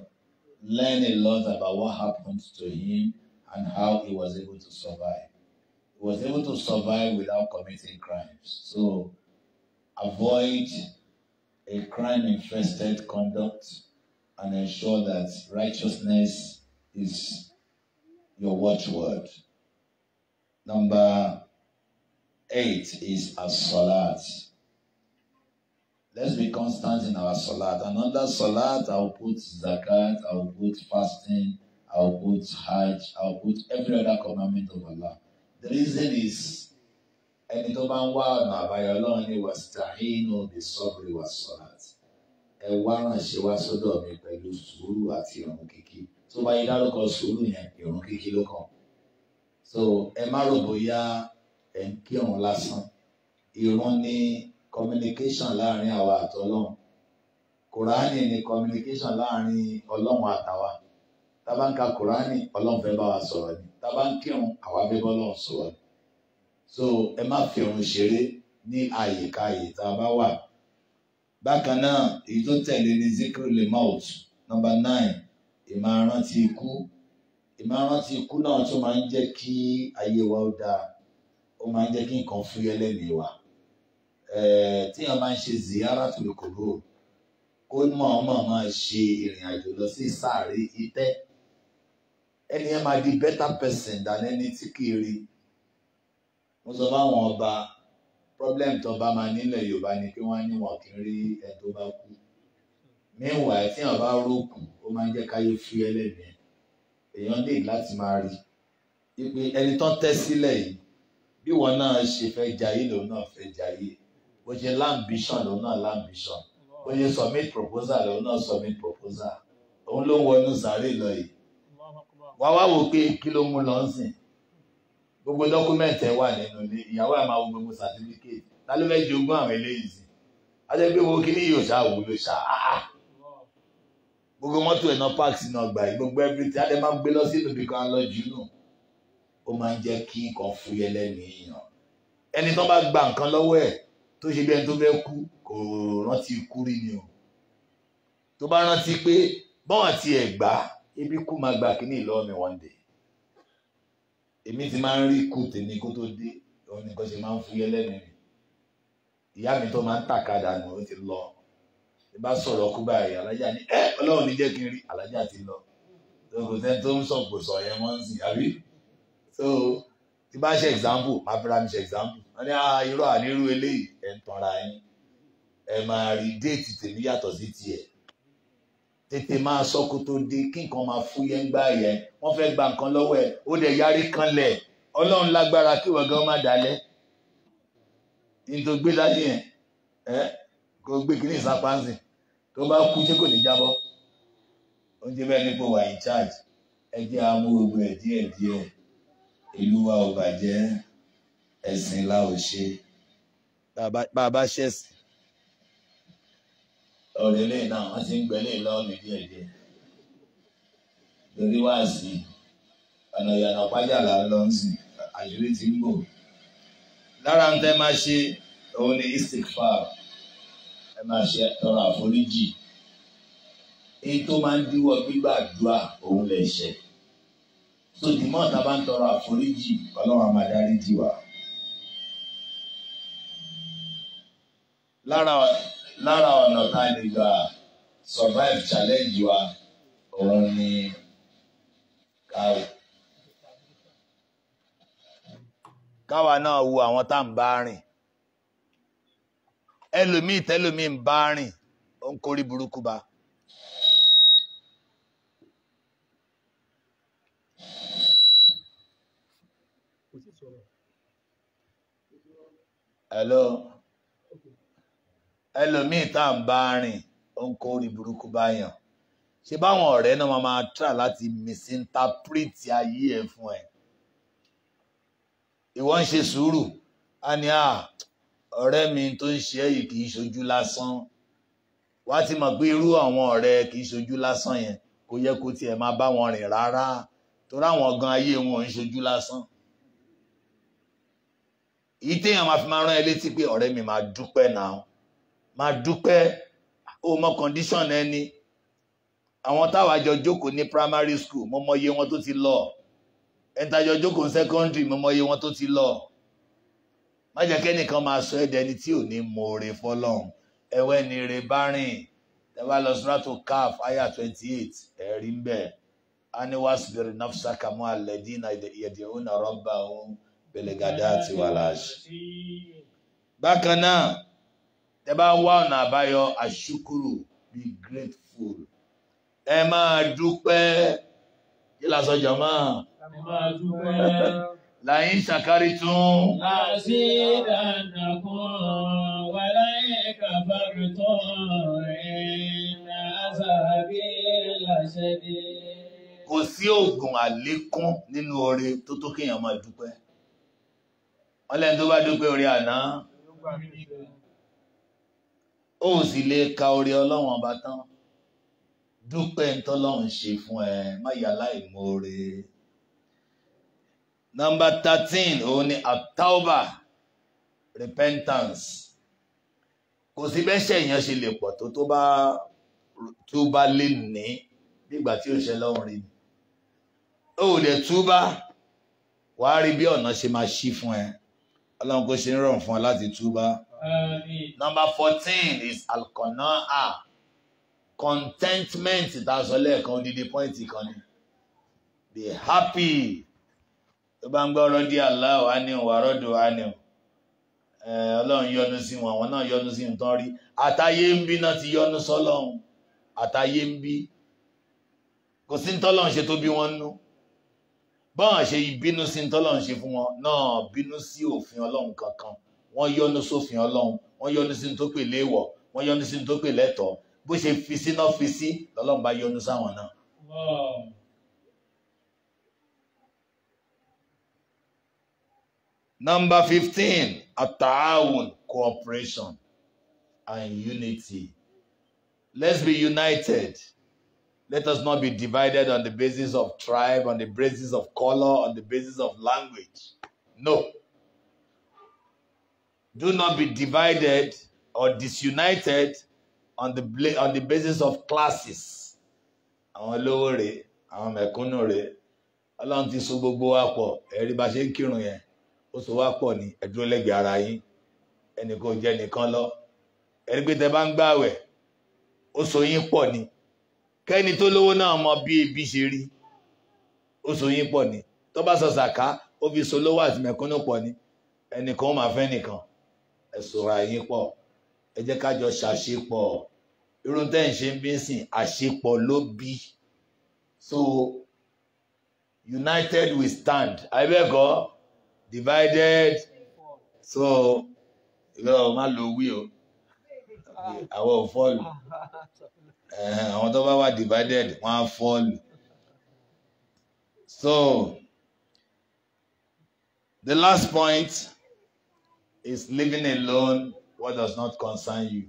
learn a lot about what happened to him and how he was able to survive. He was able to survive without committing crimes. So avoid a crime infested conduct and ensure that righteousness is your watchword. Number eight is as salat. Let's be constant in our salat. And under salat, I'll put zakat, I'll put fasting, I'll put hajj, I'll put every other commandment of Allah. The reason is ẹni tó bá ń wá ọ̀nà àbáyọ ọlọ́run ní wàsítáhínú bí sọ́bìrì wà sọ́rat ẹ wá ránṣẹ́ wá sọ́dọ̀ mi pẹ̀lú sùúrù àti ìrun kíkí tó bá yẹ dárúkọ sùúrù yẹn ìrun kíkí ló kàn so ẹ má rò bóyá ẹ ń kírun lásán ìrun ní communication láàrin àwa àtọlọ́run kùránì ni communication láàrin ọlọ́run àtàwa tábà ń ka kùránì ọlọ́run fẹ́ bá wa sọ̀rọ̀ ni tábà ń kírun àwa fẹ́ bá sọ̀rọ̀ ni so ẹ má fi òun ṣeré ní àyíká tá a bá wà bákan náà èyí tó tẹ̀lé ní zikiru lemaut number nine ìmọ̀-arántí ikú ìmọ̀-arántí ikú náà tún máa ń jẹ́ kí ayé wa ó dáa ó máa ń jẹ́ kí nǹkan fúyẹ́ lẹ́nu wa téèyàn máa ń ṣe ziyara tòlùkòló kó mọ̀ọ́mọ̀ máa ṣe ìrìn àjò lọ sí sàárè itẹ́ ẹni yẹn máa di better person than ẹni tí kiri mo sọ fáwọn ọba problem tó bá máa nílẹ̀ Yorùbá ni kí wọ́n níwọ̀n kí n rí ẹni tó bá kú meanwhile téèyàn bá rókùn ó máa ń jẹ́ káyé fi ẹlẹ́mìí èèyàn lè láti máa rí i pé ẹni tán tẹ́ sílẹ̀ yìí bí wọn náà ṣe fẹ́ jayé lòun náà fẹ́ jayé bó ṣe lambition lòun náà lambition bó ṣe submit proposal lòun náà submit proposal òun ló ń wọnú sàárè lọ yìí wá wá wò pé kí ló mú lọ sìn gbogbo dọ́kúmẹ̀ntì ẹ̀ wà nínú ilé ìyàwó ẹ̀ máa wo gbogbo sàtífíkèétì ta ló fẹ́ jogún àwọn eléyìí sí ajẹ́ pé gbogbo kí ni yóò ṣáà wúlò ṣáà gbogbo mọ́tò ẹ̀ náà park sínú ọgbà yìí gbogbo everything adé máa ń gbé lọ sínú ibi kan lọ jù nù ó máa ń jẹ́ kí nǹkan fúyẹ́ lẹ́nu èèyàn ẹni tó bá gba nǹkan lọ́wọ́ ẹ̀ tó ṣe bí ẹni tó fẹ́ kú kò rántí ikú rí ni o tó bá rántí pé bọ́wọ̀n ti ẹ̀ gbá ebi kú máa gba kíní ìlọ́wọ́ mi one day èmi ti máa ń rí ikú tèmi kó tó dé òun nìkan ṣe máa ń fúyẹ́ lẹ́mìí ìyá mi tó máa ń tàkadà nù ó ti lọ bá sọ̀rọ̀ ọkú báyìí alájà ní ẹ ọlọ́run ní jẹ́ kí n rí alájà ti lọ kò sẹ́ni tó ń sọ̀gbọ̀sọ̀ yẹn wọ́n ń sìn àbí so tí bá ṣe example máa fẹ́ra mi ṣe example wọ́n ní ah, irọ́ ànírú eléyìí ẹ̀ ń tanra yín ẹ máa rí déètì tèmi yàtọ̀ sí tiẹ̀ tètè máa sọ kó tó dé kí nǹkan máa fúyẹ́ ń gbá yẹn wọ́n fẹ́ gba nǹkan lọ́wọ́ ẹ̀ ó dẹ̀ yarí kanlẹ̀ ọlọ́run lágbára kí wọ́n gan má dalẹ̀ nítorí gbé láyé yẹn ẹ kó gbé kí ní ìsapáǹsì tó bá kú ṣé kò ní jábọ́ oúnjẹ bẹ́ẹ̀ nípò wà in charge ẹ jẹ́ amú gbogbo ẹ̀ díẹ̀ ìlú wa ò bàjẹ́ ẹ̀sìn la ò ṣe. bá a bá ṣẹ̀sìn. ọ̀rẹ́ lẹ́yìn náà wọ́n ti ń gbẹ́lẹ̀ lọ́ọ̀lù díẹ̀díẹ̀ torí wá sí ọ̀nà ìyànà pàjálà lọ sí àṣírí tí ń bò. lára ń tẹ́ máa ṣe òun ni istikfar ẹ máa ṣe tọrọ àforíjì èyí tó máa ń díwọ́ gbígbàdúrà òun lè ṣe so jùmọ̀ tá a bá ń tọrọ àforíjì ọlọ́run á máa dáríjì wa. lára lára ọ̀nà tá a lè gbà survive challenge wa òun ni ká káwa náà wo àwọn tá à ń bá rìn ẹlòmíì tẹlòmíì ń bá rìn ó ń kórí burúkú ba. hello ẹlòmíì tá à ń bá rìn ó ń kó orí burúkú báyàn ṣe báwọn ọ̀rẹ́ náà máa máa try láti misinterpret ayé ẹ fún ẹ ìwọ ń ṣe sùúrù a ní à ọ̀rẹ́ mi tó ń ṣe yìí kì í ṣojú lásán wá ti mọ̀ pé irú àwọn ọ̀rẹ́ kì í ṣojú lásán yẹn kò yẹ kó tiẹ̀ máa bá wọn rìn rárá torí àwọn gan ayé wọn ò ń ṣojú lásán èyí téèyàn máa fi máa rán ẹ létí pé ọ̀rẹ́ mi máa dúpẹ́ náà máa dúpẹ́ o mọ condition ẹni àwọn táwa jọ jókòó ní primary school mo mọ iye wọn tó ti lọ ẹni jókòó ní secondary mo mọ iye wọn tó ti lọ má jẹ́ kẹ́nìkan máa sọ ẹ́ dẹni tí ò ní mọ̀ọ́rẹ́ fọlọ́run ẹ̀wẹ́ ni rè bá rìn tẹ́wá lọ sọ́ràtò caf aya twenty eight ẹ̀rí ń bẹ̀ aniwa sibiri nafsaka mu alẹ́ dina yẹ̀dẹ̀ òun náà rọ́bà òun bẹ̀lẹ̀gàdá àti wàláàṣì. bákan náà ẹ bá wá ọ̀nà àbáyọ àṣukúrù be grateful ẹ máa dúpẹ́ kí lásán jọmọ́ láyín ṣàkárí tún. àti ìdáná kan wà láyé kàfàrí tán ẹ̀ẹ́nà àṣàbí làṣẹ́ dé. kò sí oògùn àlékún nínú oore tó tó kéèyàn máa dúpẹ́ wọ́n tó bá dúpẹ́ orí àná ó sì lè ka orí ọlọ́run ọba tán dúpẹ́ ntọ́lọ́run ṣe fún ẹ má yà láì moore. thirteen òun ni atauba repentance kò sí bẹ́sẹ̀ èèyàn ṣe lè pọ̀ tó tó bá túbá lè ní nígbà tí òṣèlú ọ̀hún rí ni ó lè túbá wàá rí bí ọ̀nà ṣe máa ṣí fún ẹ ọlọ́run kò ṣe ń rọrùn fún ọ láti túbá. number fourteen is alkana'a contentment tá a sọ lẹ́ẹ̀kan odidi point kan ni be happy tó bá ń gbọ́ ọ̀rọ̀ di Allah àní wàrọ́dọ̀ àní ọlọ́run yọ́nú sí wọn àwọn náà yọ́nú sí nǹkan rí àtàyé ń bí náà ti yọ́nú sọ́lọ́run àtàyé ń bí kò sí ń tọ́lọ́run ṣe tó bí wọ́n nú bọ́n ṣe bínú sí tọ́lọ́run ṣe fún wọn náà bínú sí òfin ọlọ́run kankan wọ́n yọ́nú sófin ọlọ́run wọ́n yọ́nú sí tó pè léèwọ̀ wọ́n yọ́nú sí tó pè lẹ́tọ̀ọ́ bó ṣe fi sí náà fi sí lọ́lọ́run bá yọ́nú sáwọn náà. Number fifteen ataawun cooperation and unity. Let's be united. Let us not be divided on the basis of tribe, on the basis of color, on the basis of language. No. Do not be divided or disunited on the, on the basis of classes. Àwọn olówó rèé, àwọn mẹ̀kúnnù rèé, Ọlọ́run ti so gbogbo wa pọ̀, ẹ̀rí bá ṣe ń kírun yẹn, ó so wá pọ̀ ní ẹ̀dúró lẹ́gbẹ̀ẹ́ ara yín, ẹnì kò jẹ́ nìkan lọ. Ẹ̀rí pé tẹ bá ń gbààwẹ̀, ó so yín pọ̀ ni kẹ́ni tó lówó náà mọ bí ebi ṣe rí ó so yín pọ̀ ni tó bá sọ sàká ó fi so lówó àti mẹ̀kúnnù pọ̀ ni ẹnìkan ó máa fẹ́ nìkan ẹ yín pọ̀ ẹ jẹ́ ká jọ ṣàṣepọ̀ irun tẹ́ ń ṣe ń bí sìn àṣepọ̀ ló bí so united we stand àìbẹ́ẹ̀kọ́ divided so ìgbà ọ̀ má lo wí o àwọn ò fọ́ọ̀lù àwọn tó bá wà divided wọ́n á fọ́ọ̀lù. So the last point is living alone what does not concern you.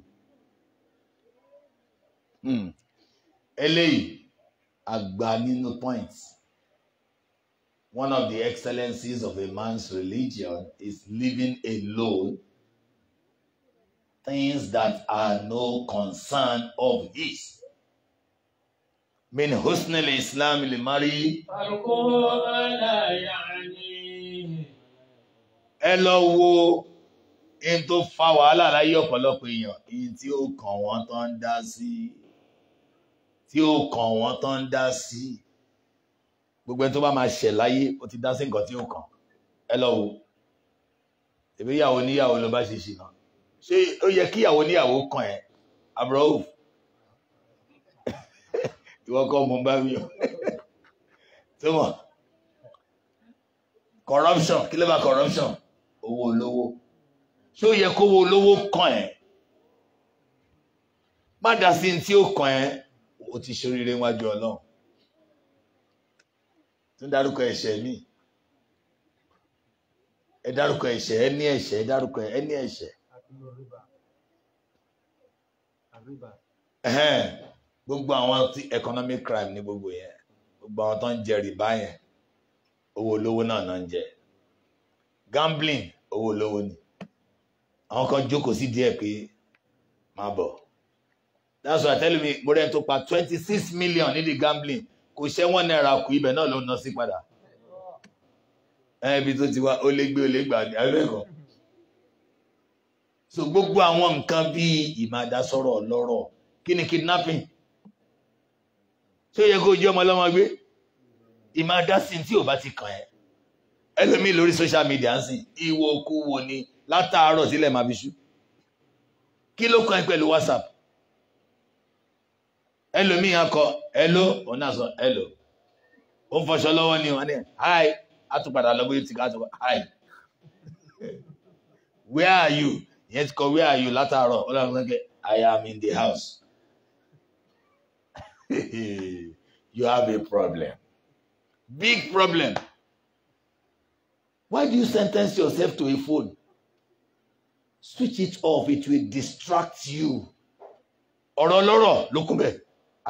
Hmm. Eléyìí àgbà nínú point. One of the excellencies of a man's religion is living alone things that are no concern of his. من حسن الإسلام لمري ẹ lọ wo in tó fa wàhálà láyé ọ̀pọ̀lọpọ̀ èèyàn in tí ó kàn wọ́n tó ń dá sí tí ó kàn wọ́n tó ń dá sí gbogbo ẹni tó bá ṣé ó yẹ kí ìyàwó níyàwó kan ẹ abrahu ìwọ kọ́ mo bá mi o túmọ̀ corruption kí ló bá corruption owó olówó ṣé ó yẹ kówó olówó kan ẹ má dá sí tí ó kàn ẹ́ o ti ṣoríire wájú ọlọ́run tó dárúkọ ẹ̀ṣẹ̀ mi ẹ dárúkọ ẹ̀ṣẹ̀ ẹ ní ẹ̀ṣẹ̀ ẹ dárúkọ ẹ ní ẹ̀ṣẹ̀ gbogbo àwọn tí economic crime ní gbogbo yẹn gbogbo àwọn tó ń jẹ rìbá yẹn owó olówó náà náà ń jẹ gambling owó olówó ni àwọn kan jókòó sí díẹ̀ pé má bọ̀ that's why tell me mo rẹ tó pa twenty six million nídìí gambling kò ṣẹ́wọ́n náírà kù ibẹ̀ náà ló ń ná sí padà ibi tó ti wá ó lé gbé ó lé gbà ní abẹ́kọ̀ọ́ so gbogbo àwọn nǹkan bíi ìmàdásọ̀rọ̀ lọ́rọ̀ kí ni kidnapping tó yẹ kó jẹ́ ọmọ ọlọ́mọ gbé ìmàdásí tí ò bá ti kàn ẹ́ ẹlòmíì lórí social media ń sìn ìwọ okú wo ni látàárọ̀ sílẹ̀ máa fi ṣú kí ló kàn ẹ́ pẹ̀lú whatsapp ẹlòmíì akọ hello òun náà sọ hello ó ń fọṣọ lọ́wọ́ ni wọ́n ní hi àtúpadà lọ́gbọ́n yóò ti ká àtúpadà hi where are you ìyẹn ti where are you látàárọ̀ ó lọ́nà pé I am in the house you have a problem big problem why do you sentence yourself to a phone switch it off it will distract you ọ̀rọ̀ lọ́rọ̀ ló kún bẹ́ẹ̀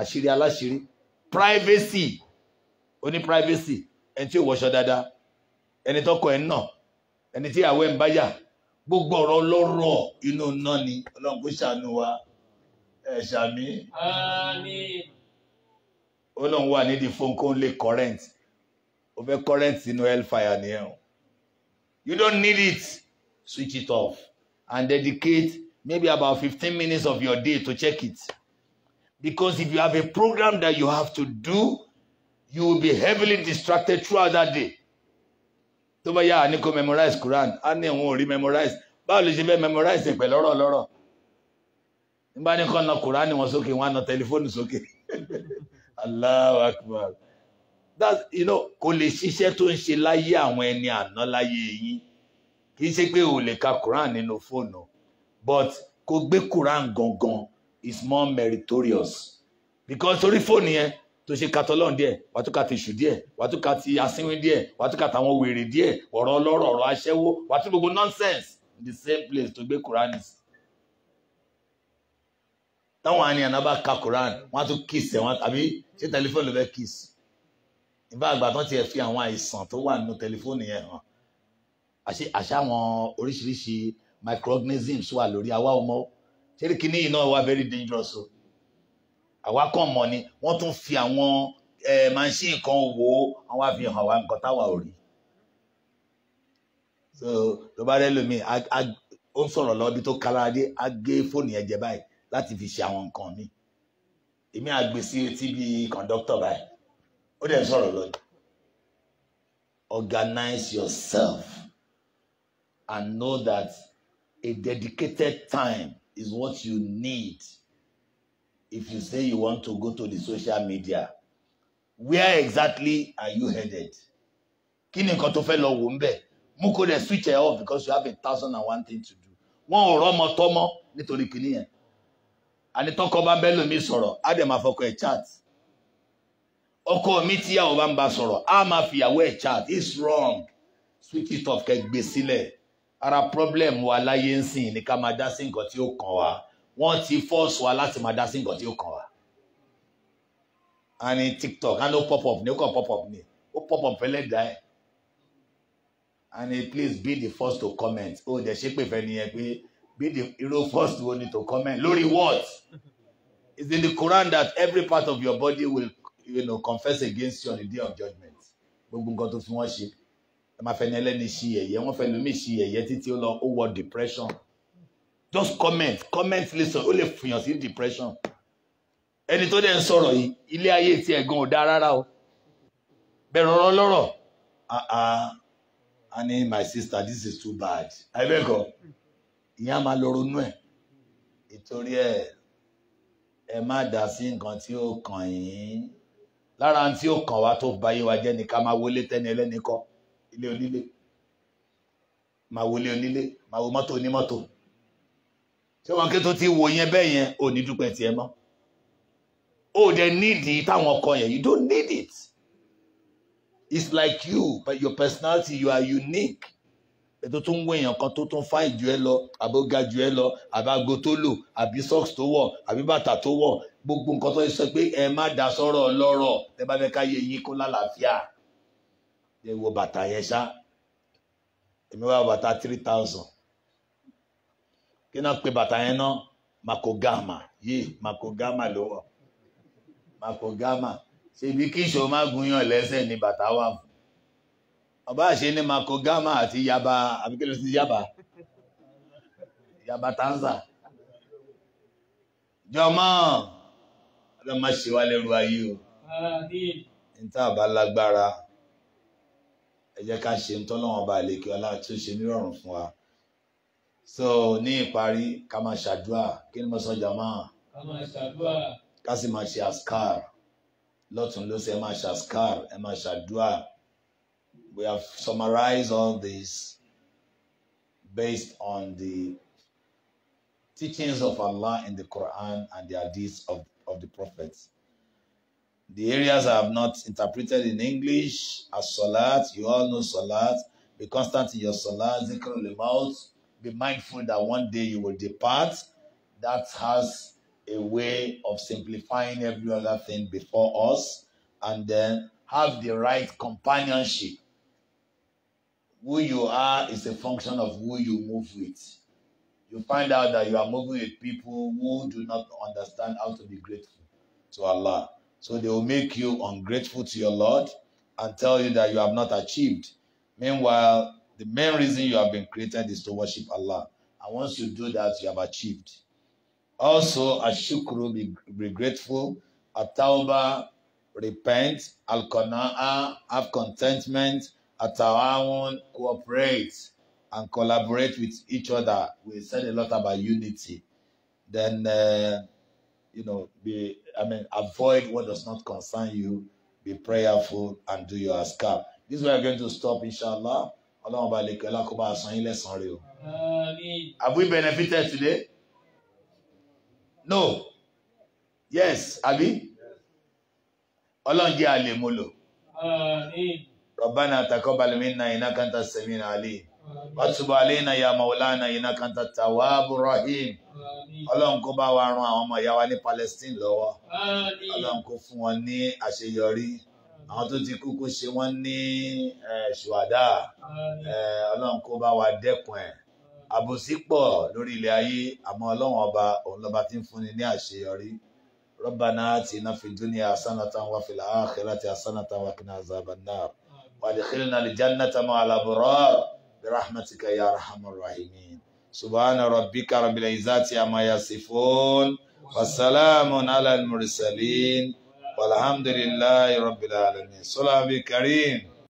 àṣírí aláṣírí privacy ó privacy ẹni tí ò wọṣọ dáadáa ẹni tọkọ ẹ̀ ń nà ẹni tí ìyàwó ẹ̀ ń bá yà gbogbo ọ̀rọ̀ ọlọ́rọ̀ inú náà ni ọlọ́run kó ṣàánú wa ẹ̀ṣà mi. ó wà nídìí fóun kó lè current ó fẹ́ current inú hellfire ni ẹ̀ o you don't need it switch it off and dedicate maybe about fifteen minutes of your day to check it because if you have a program that you have to do you will be heavily distracted throughout that day tó bá yá àní kó memorize Quran á ní òun ò rí memorize báwo lè ṣe fẹ́ memorize ìpè lọ́rọ̀ lọ́rọ̀ nígbà ní kàn na Quran wọn sókè wọn á na tẹlifóònù sókè Allah Akbar that you know kò lè ṣiṣẹ́ tó ń ṣe láyé àwọn ẹni àná láyé yín kì í ṣe pé o lè ka Quran nínú fóònù but kò gbé Quran gangan is more meritorious because orí fóònù yẹn tó ṣe ka tọ́lọ́run díẹ̀ wàá tún ka ti ìṣù díẹ̀ wàá tún ka ti asínwín díẹ̀ wàá tún ka tàwọn wèrè díẹ̀ ọ̀rọ̀ ọlọ́rọ̀ ọ̀rọ̀ aṣẹ́wó wàá tún gbogbo nonsense in the same place tó gbé Quran sí. táwọn àníyàn náà bá ka Quran wọ́n á tún kiss ẹ̀ wọ́n àbí ṣé tẹlifóònù ló fẹ́ kiss. ìbá àgbà tán ti ẹ̀ fi àwọn àìsàn tó wà nínú tẹlifóònù yẹn hàn àṣà àwọn oríṣiríṣi microorganisms wà lórí àwa ọmọ ṣé kí ni iná wa very dangerous o. So àwa kàn mọ̀ ni wọ́n tún fi àwọn machine kan wò ó àwọn àfihàn wa nǹkan táwa ò rí so tó bá rẹ lómi ó ń sọ̀rọ̀ lọ́bi tó káláradé á gé fóònù yẹn jẹ báyìí láti fi ṣe àwọn nǹkan mi èmi àgbè sí etí bíi kọ̀ǹdọ́tọ̀ báyìí ó dẹ̀ ń sọ̀rọ̀ lọ́jọ́ organize yourself and know that a dedicated time is what you need if you say you want to go to the social media where exactly are you headed kí ni nǹkan tó fẹ́ lọ wò ń bẹ̀ mú kó dẹ̀ switch ẹ̀ off because you have a thousand and one thing to do wọn ò rọ́mọ tọ́mọ nítorí kìíní yẹn àní tọkọ bá bẹ́ẹ̀ lómi sọ̀rọ̀ á dẹ̀ máa fọkọ ẹ̀ chat ọkọ mi tíyàwó bá ń bá sọ̀rọ̀ á máa fìyàwó ẹ̀ chat it's wrong switch it off kẹ́ gbé sílẹ̀ ara problem wa láyé ń sìn ní ká máa dá sí nǹkan tí ó kàn wá wọ́n ti fọ́ọ̀sù wa láti máa dá sí nǹkan tí ó kàn wá. a ní tiktok a ní pop up ní ó pop up ní ó pop up ẹlẹ́dàá ẹ̀ a ní please be the first to comment ó dẹ̀ ṣe pé fẹ́ni yẹn pé be the hero first one to, to comment lórí what it's in the Quran that every part of your body will you know, confess against you on the day of judgment gbogbo nǹkan tó fi wọ́n ṣe ẹ máa fẹ́ni ẹlẹ́ni ṣi ẹ̀yẹ wọ́n fẹ́ lómi ṣi ẹ̀yẹ títí ó lọ ó wọ depression just comment comment listen ó lè fìyàn sí depression ẹni tó dẹ̀ ń sọ̀rọ̀ yìí ilé ayé ti ẹ̀gàn ò dáa rárá o bẹ̀rẹ̀ ọ̀rọ̀ lọ́rọ̀ ah ah I my sister this is too bad àìbẹ́ẹ̀kọ́ ìyá máa lọ ronú ẹ̀ ìtorí ẹ̀ ẹ má dá sí nǹkan tí ó kàn yín lára tí ó kàn wá tó bayé wa jẹ́ ni ká máa wọlé tẹ́ni ẹlẹ́ni kọ́ ilé onílé máa wọlé onílé máa wọ mọ́tò onímọ́tò ṣé wọn kí tó ti wò yẹn bẹ́ẹ̀ yẹn ò ní dúpẹ́ tiẹ̀ mọ́ ó dẹ̀ nídìí táwọn ọkọ yẹn you don't need it it's like you but your personality you are unique ètò tó ń wé èèyàn kan tó tún fáìn jù ẹ lọ àbí ó ga jù ẹ lọ àbí ago tó lò àbí socks tó wọ̀ àbí bàtà tó wọ̀ gbogbo nǹkan tó sọ pé ẹ má dá sọ̀rọ̀ lọ́rọ̀ ẹ bá fẹ́ ká yé yín kó lálàáfíà ẹ wo bàtà yẹn ṣá èmi wá bàtà three thousand kí náà pe bàtà yẹn náà makogama yìí makogama ló wọ̀ makogama ṣebí kí ìṣòro má gun yàn lẹ́sẹ̀ ní bàtà wà fún ọba àṣẹ ní makogama àti yaba àbíkẹ́lẹ́ sí yaba yaba tanza jọmọ́ ọlọ́mọ ṣe wá lẹ́rù ayé o níta bá lágbára ẹ jẹ́ ká ṣe ń tọ́lọ́wọ́n bá lè kí ọlá tó ṣe nírọ̀rùn fún wa. so ní pari kama máa ṣàdúrà maso ni jàmá ká àṣkár lọ́tún ló ṣe ẹ máa ẹ we have summarized all this based on the teachings of Allah in the Quran and the hadiths of, of the prophets. The areas I have not interpreted in English as Salat, you all know Salat, be constant in your Salat, Zikr al be mindful that one day you will depart. That has a way of simplifying every other thing before us. And then have the right companionship. Who you are is a function of who you move with. You find out that you are moving with people who do not understand how to be grateful to Allah. So they will make you ungrateful to your Lord and tell you that you have not achieved. Meanwhile, the main reason you have been created is to worship Allah. And once you do that, you have achieved. Also, ashukru, be, be grateful. Atawba, repent. al have contentment. Atawawun, cooperate and collaborate with each other. We said a lot about unity. Then, uh, you know, be, I mean, avoid what does not concern you. Be prayerful and do your askar. This is where we are going to stop, inshallah. ọlọ́run bá lè kẹ́ lákọ́bá san yín lẹ́san rẹ̀ o. have we benefited today? no yes Abi. ọlọ́run jẹ́ àlè mo lò. ربنا تقبل منا إنك أنت السميع العليم وتب علينا يا مولانا إنك أنت التواب الرحيم ọlọ́run kó bá wa ran àwọn ọmọ ìyá wa ní Palestine lọ́wọ́ ọlọ́run kó fún wọn ní àṣeyọrí àwọn tó ti kú kó ṣe wọ́n ní ṣùwádà ọlọ́run kó bá wa dẹ́kun ẹ̀ àbòsí pọ̀ lórí ilẹ̀ ayé àmọ́ ọlọ́run ọba òun lọ́ba tí ń fúnni ní àṣeyọrí rọ́bànà àti iná fi dúnìá asánátà wà fìlà áàkìláti asánátà wà kìnà àzàbànà wàdìkìlìnà àlìjánátà mọ́ àlàbùrọ́ birahmatika ya arhamar rahimin subhana rabbika rabbil izati amma yasifun wa salamun ala al mursalin walhamdulillahi rabbil alamin salabi karim.